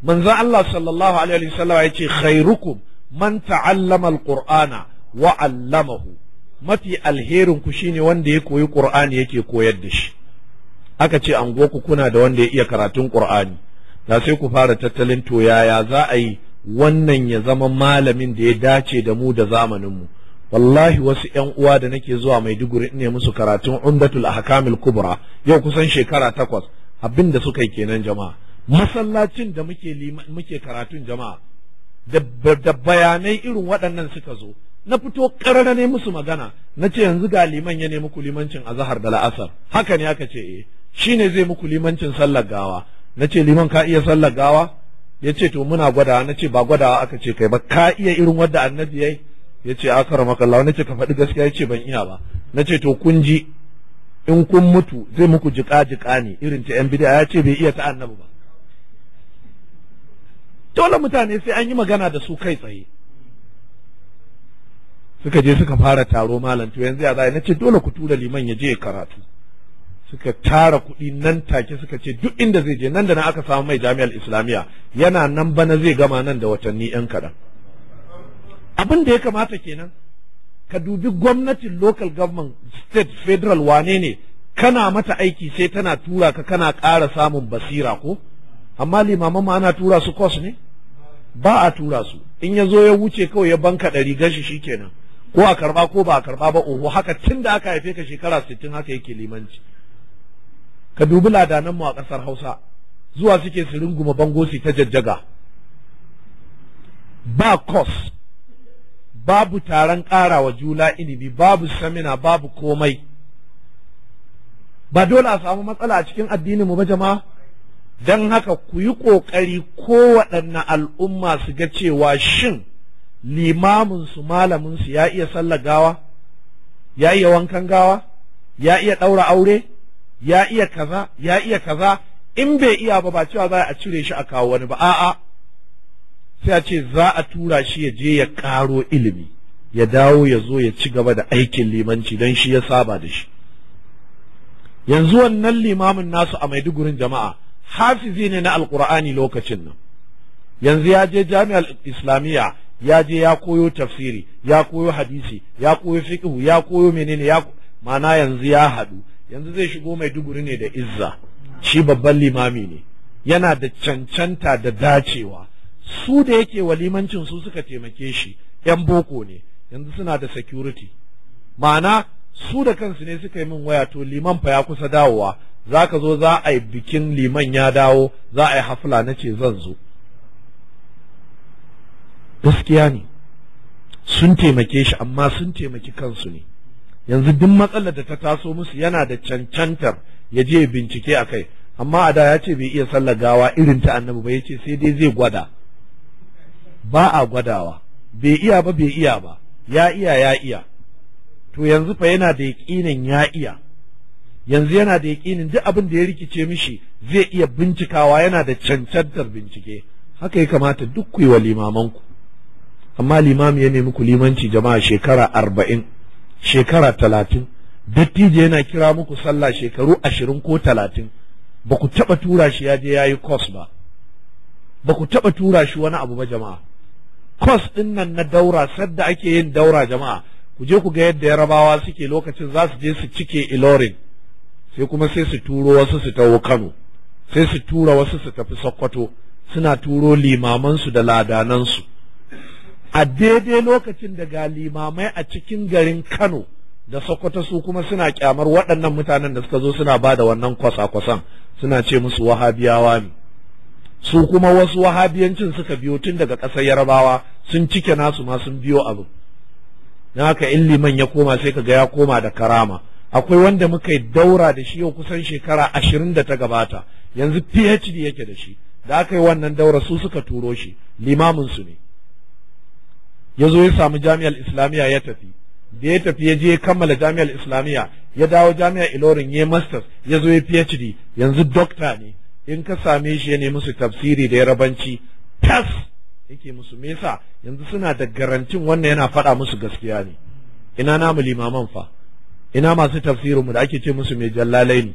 manzo Allah sallallahu alaihi wasallam ya ce khairukum man ta'allama al-Qur'ana wa 'allamahu mafi alherin ku shine wanda ya koyi qur'ani yake koyar da shi aka ce an goku kuna da wanda ya iya karatun qur'ani da sai ku fara tattalin to yaya za a yi wannan ya zama malamin da ya dace da mu da zamanin mu wallahi wasu yan uwa da nake zuwa Maiduguri ne musu karatun Umdatul Ahkamil Kubra yau kusan shekara takwas Abinda da suka yi kenan jama'a masallacin da muke muke karatun jama'a da bayanai irin waɗannan suka zo na fito karara ne musu magana na ce yanzu ga liman ya nemi a zahar da la'asar haka ne aka ce eh ne zai muku limancin sallar gawa na ce liman ka iya sallar gawa ya ce to muna gwadawa na ce ba gwadawa aka ce kai ba ka iya irin wadda annabi yi ya ce kara makallawa na ce ka faɗi gaskiya ya ce ban iya ba na ce to kun ji in kun mutu zai muku jiƙa jiƙa ne irin ta yan bid'a ya ce bai iya ta annabi ba dole mutane sai an yi magana da su kai tsaye suka je suka fara taro malam to yanzu ya za na ce dole ku tura liman ya je karatu suka tara kuɗi nan take suka ce duk inda zai je nan da nan aka samu mai jami'ar islamiyya yana nan bana zai gama nan da watanni yan kaɗan abin da ya kamata kenan ka dubi gwamnatin local government state federal wane ne kana mata aiki sai tana tura ka kana ƙara samun basira ko amma limaman ma ana tura su kos ne ba a tura su in ya zo ya wuce kawai ya banka ɗari gashi shi kenan. ko a karba ko ba a karba ba oho haka tun da aka haife ka shekara sittin haka yake limanci ka dubi ladananmu a ƙasar hausa zuwa suke su runguma bango su ta jajjaga ba kos babu taron ƙara wa jula ilimi babu samina babu komai ba dole a samu matsala a cikin addininmu ba jama'a don haka ku yi ƙoƙari kowaɗanne al'umma su ga cewa shin limamin su malamin su ya iya sallar gawa ya iya wankan gawa ya iya ɗaura aure ya iya kaza ya iya kaza in bai iya ba ba cewa za a cire shi a kawo wani ba a'a sai a ce za a tura shi ya je ya karo ilimi ya dawo ya zo ya ci gaba da aikin limanci don shi ya saba da shi yanzu wannan limamin nasu a maidugurin jama'a hafizi ne na alkur'ani lokacin nan yanzu ya je jami'ar islamiyya ya je ya koyo tafsiri ya koyo hadisi ya koyo fiqhu ya koyo menene ya mana yanzu ya haɗu yanzu zai shigo mai duguri ne da izza shi babban limami ne yana da cancanta da dacewa su da yake walimancin su suka taimake shi yan boko ne yanzu suna da security ma'ana su da kansu ne suka yi min waya to liman fa ya kusa dawowa za ka zo za a yi bikin liman ya dawo za a yi hafla na ce zan zo gaskiya ne sun taimake shi amma sun taimaki kansu ne yanzu duk matsalar da ta taso musu yana da cancantar ya je bincike a kai amma a da ya ce bai iya sallar gawa irin ta annabi ba ya ce sai dai zai gwada ba a gwadawa bai iya ba bai iya ba ya iya ya iya to yanzu fa yana da yaƙinin ya iya yanzu yana da yaƙinin duk abin da ya rikice mishi zai iya bincikawa yana da cancantar bincike haka ya kamata duk ku yi wa limamanku amma limami ya nemi ku limanci jama'a shekara arba'in shekara talatin dattijo yana kira muku sallah shekaru ashirin ko talatin ba ku taɓa tura shi ya je ya yi kos ba ba ku taɓa tura shi wani abu ba jama'a kos ɗin nan na daura sadda ake yin daura jama'a ku je ku ga yadda yarabawa suke lokacin za su je su cike ilorin sai kuma sai su turo wasu su taho kano sai su tura wasu su tafi sokoto suna turo limamansu da ladanansu a daidai lokacin da ga limamai a cikin garin Kano da Sokoto su kuma suna kyamar waɗannan mutanen da suka zo suna ba da wannan kwasa-kwasan suna ce musu wahabiyawa ne su kuma wasu wahabiyancin suka biyo tun daga ƙasar yarabawa sun cike nasu ma sun biyo abu na haka in liman ya koma sai ka ga ya koma da karama akwai wanda muka yi daura da shi yau kusan shekara ashirin da ta gabata yanzu phd yake da shi da aka yi wannan daura su suka turo shi limamin su ne ya zo ya samu jami'ar islamiyya ya tafi da ya tafi ya je ya kammala jami'ar islamiyya ya dawo jami'ar ilorin ya masters ya zo ya phd yanzu dokta ne in ka same shi ya nemi su tafsiri da ya rabanci tas yake musu me yasa yanzu suna da garantin wannan yana faɗa musu gaskiya ne ina namu limaman fa ina masu tafsirin mu da ake ce musu mai jallalai ne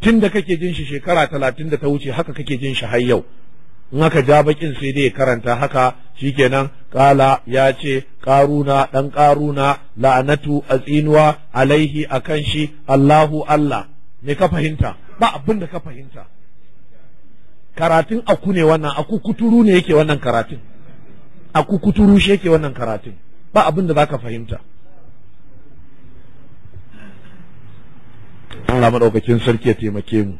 tun da kake jin shi shekara talatin da ta wuce haka kake jin shi har yau in aka ja bakin sai dai karanta haka shikenan kala ya ce karuna dan karuna la'anatu azinwa alaihi akan shi Allahu Allah me ka fahimta ba abin da ka fahimta karatun aku ne wannan aku kuturu ne yake wannan karatun aku kuturu shi yake wannan karatun ba abin da zaka fahimta Allah madaukakin sarki ya taimake mu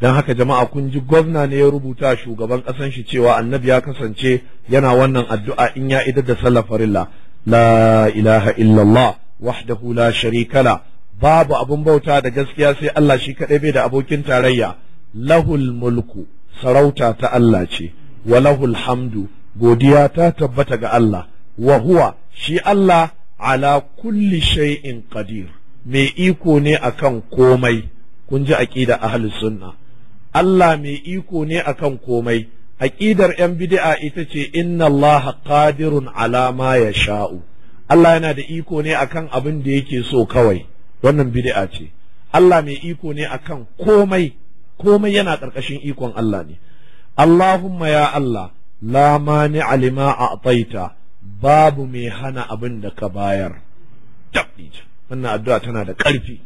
don haka jama'a kun ji gwamna ne ya rubuta shugaban ƙasan shi cewa annabi ya kasance yana wannan addu'a in ya idar da sallar farilla la ilaha illallah wahdahu la sharika babu abun bauta da gaskiya sai Allah shi kaɗai bai da abokin tarayya lahul mulku sarauta ta Allah ce wa lahul hamdu godiya ta tabbata ga Allah wa huwa shi Allah ala kulli shay'in qadir mai iko ne akan komai kun ji aqida ahlus sunna Allah mai iko ne kan komai aƙidar 'yan bid'a ita ce inna Allah qadirun alama ya sha'u. Allah yana da iko ne akan abin da yake so kawai wannan bid'a ce Allah mai iko ne akan komai komai yana ƙarƙashin ikon Allah ne Allahumma ya Allah la mani alima a'taita babu mai hana abin da ka bayar wannan addu'a tana da ƙarfi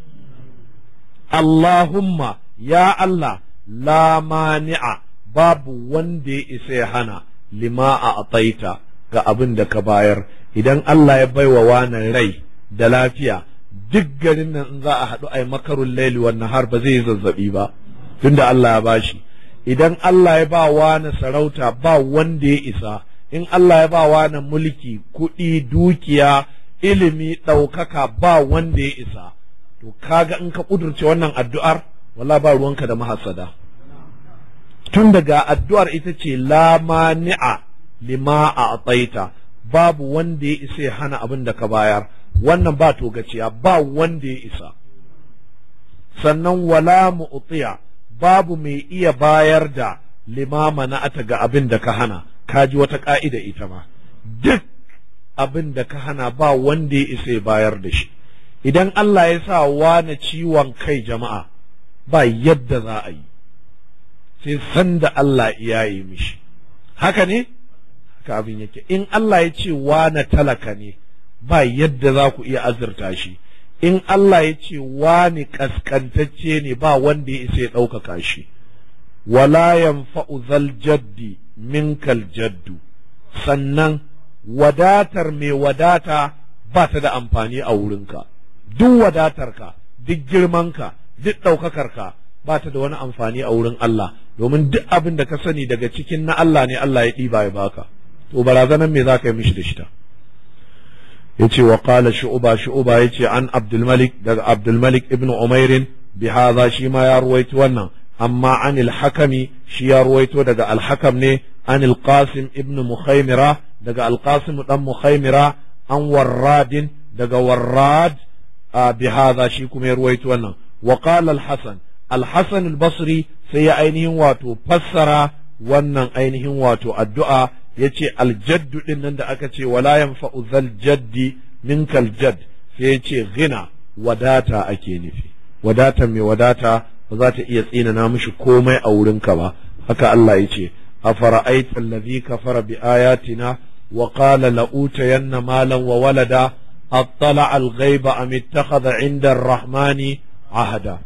Allahumma ya Allah la mani'a babu wanda ya isa ya hana lima a ataita ga abin da ka bayar idan Allah ya baiwa wanan rai da lafiya duk garin nan in za a haɗu yi makarun laili wannan har ba zai yi zazzaɓi ba tun da Allah ya bashi idan Allah ya ba wani sarauta ba wanda ya isa in Allah ya ba wani mulki kuɗi dukiya ilimi ɗaukaka ba wanda ya isa to kaga in ka ƙudurce wannan addu'ar wala ba ruwanka da mahasada. tun daga addu'ar ita ce Lamani'a, mani'a lima a ataita babu wanda ya isa ya hana abin da ka bayar wannan ba gaciya ba wanda ya isa sannan wala mu'tiya babu mai iya bayar da limama na ata ga abin da ka hana kaji wata ka'ida ita ma duk abin da ka hana ba wanda ya isa ya bayar da shi idan Allah ya sa wani ciwon kai jama'a ba yadda za a yi sai san da Allah ya yi mishi haka ne haka abin yake in Allah ya ce wane talaka ne ba yadda za ku iya azurta shi in Allah ya ce wane kaskantacce ne ba wanda ya isa ya ɗaukaka shi wala yanfa'u zal jaddi minkal jaddu sannan wadatar mai wadata ba ta da amfani a wurinka duk wadatarka duk girmanka duk ɗaukakarka ba ta da wani amfani a wurin Allah domin duk abin da ka sani daga cikin na Allah ne Allah ya ɗiba ya baka to barazanan me za ka yi mishi da shi ta yace wa qala shu'ba shu'ba yace an abdul malik daga abdul malik ibn Umairin bi shi ma ya ruwaito wannan amma an Ilhakami hakami shi ya ruwaito daga alhakam ne an ibn muhaimira daga al ɗan dan an warradin daga warrad bi hadha shi kuma ya ruwaito wannan wa qala alhassan basri sai ya ainihin wato fassara wannan ainihin wato addu'a ya ce aljaddu ɗin nan da aka ce wala yanfa'u zal jaddi minkal jadd sai ya ce gina wadata ake nufi wadata mai wadata ba za ta iya tsinana mishi komai a wurin ka ba haka Allah ya ce أفرأيت الذي كفر la'uta yanna malam wa walada أطلع الغيب أم اتخذ عند الرحمن عهدا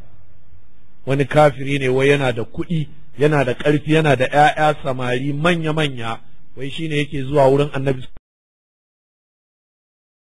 wani kafiri ne wai yana da kuɗi yana da ƙarfi yana da 'ya'ya samari manya-manya wai shine yake zuwa wurin annabi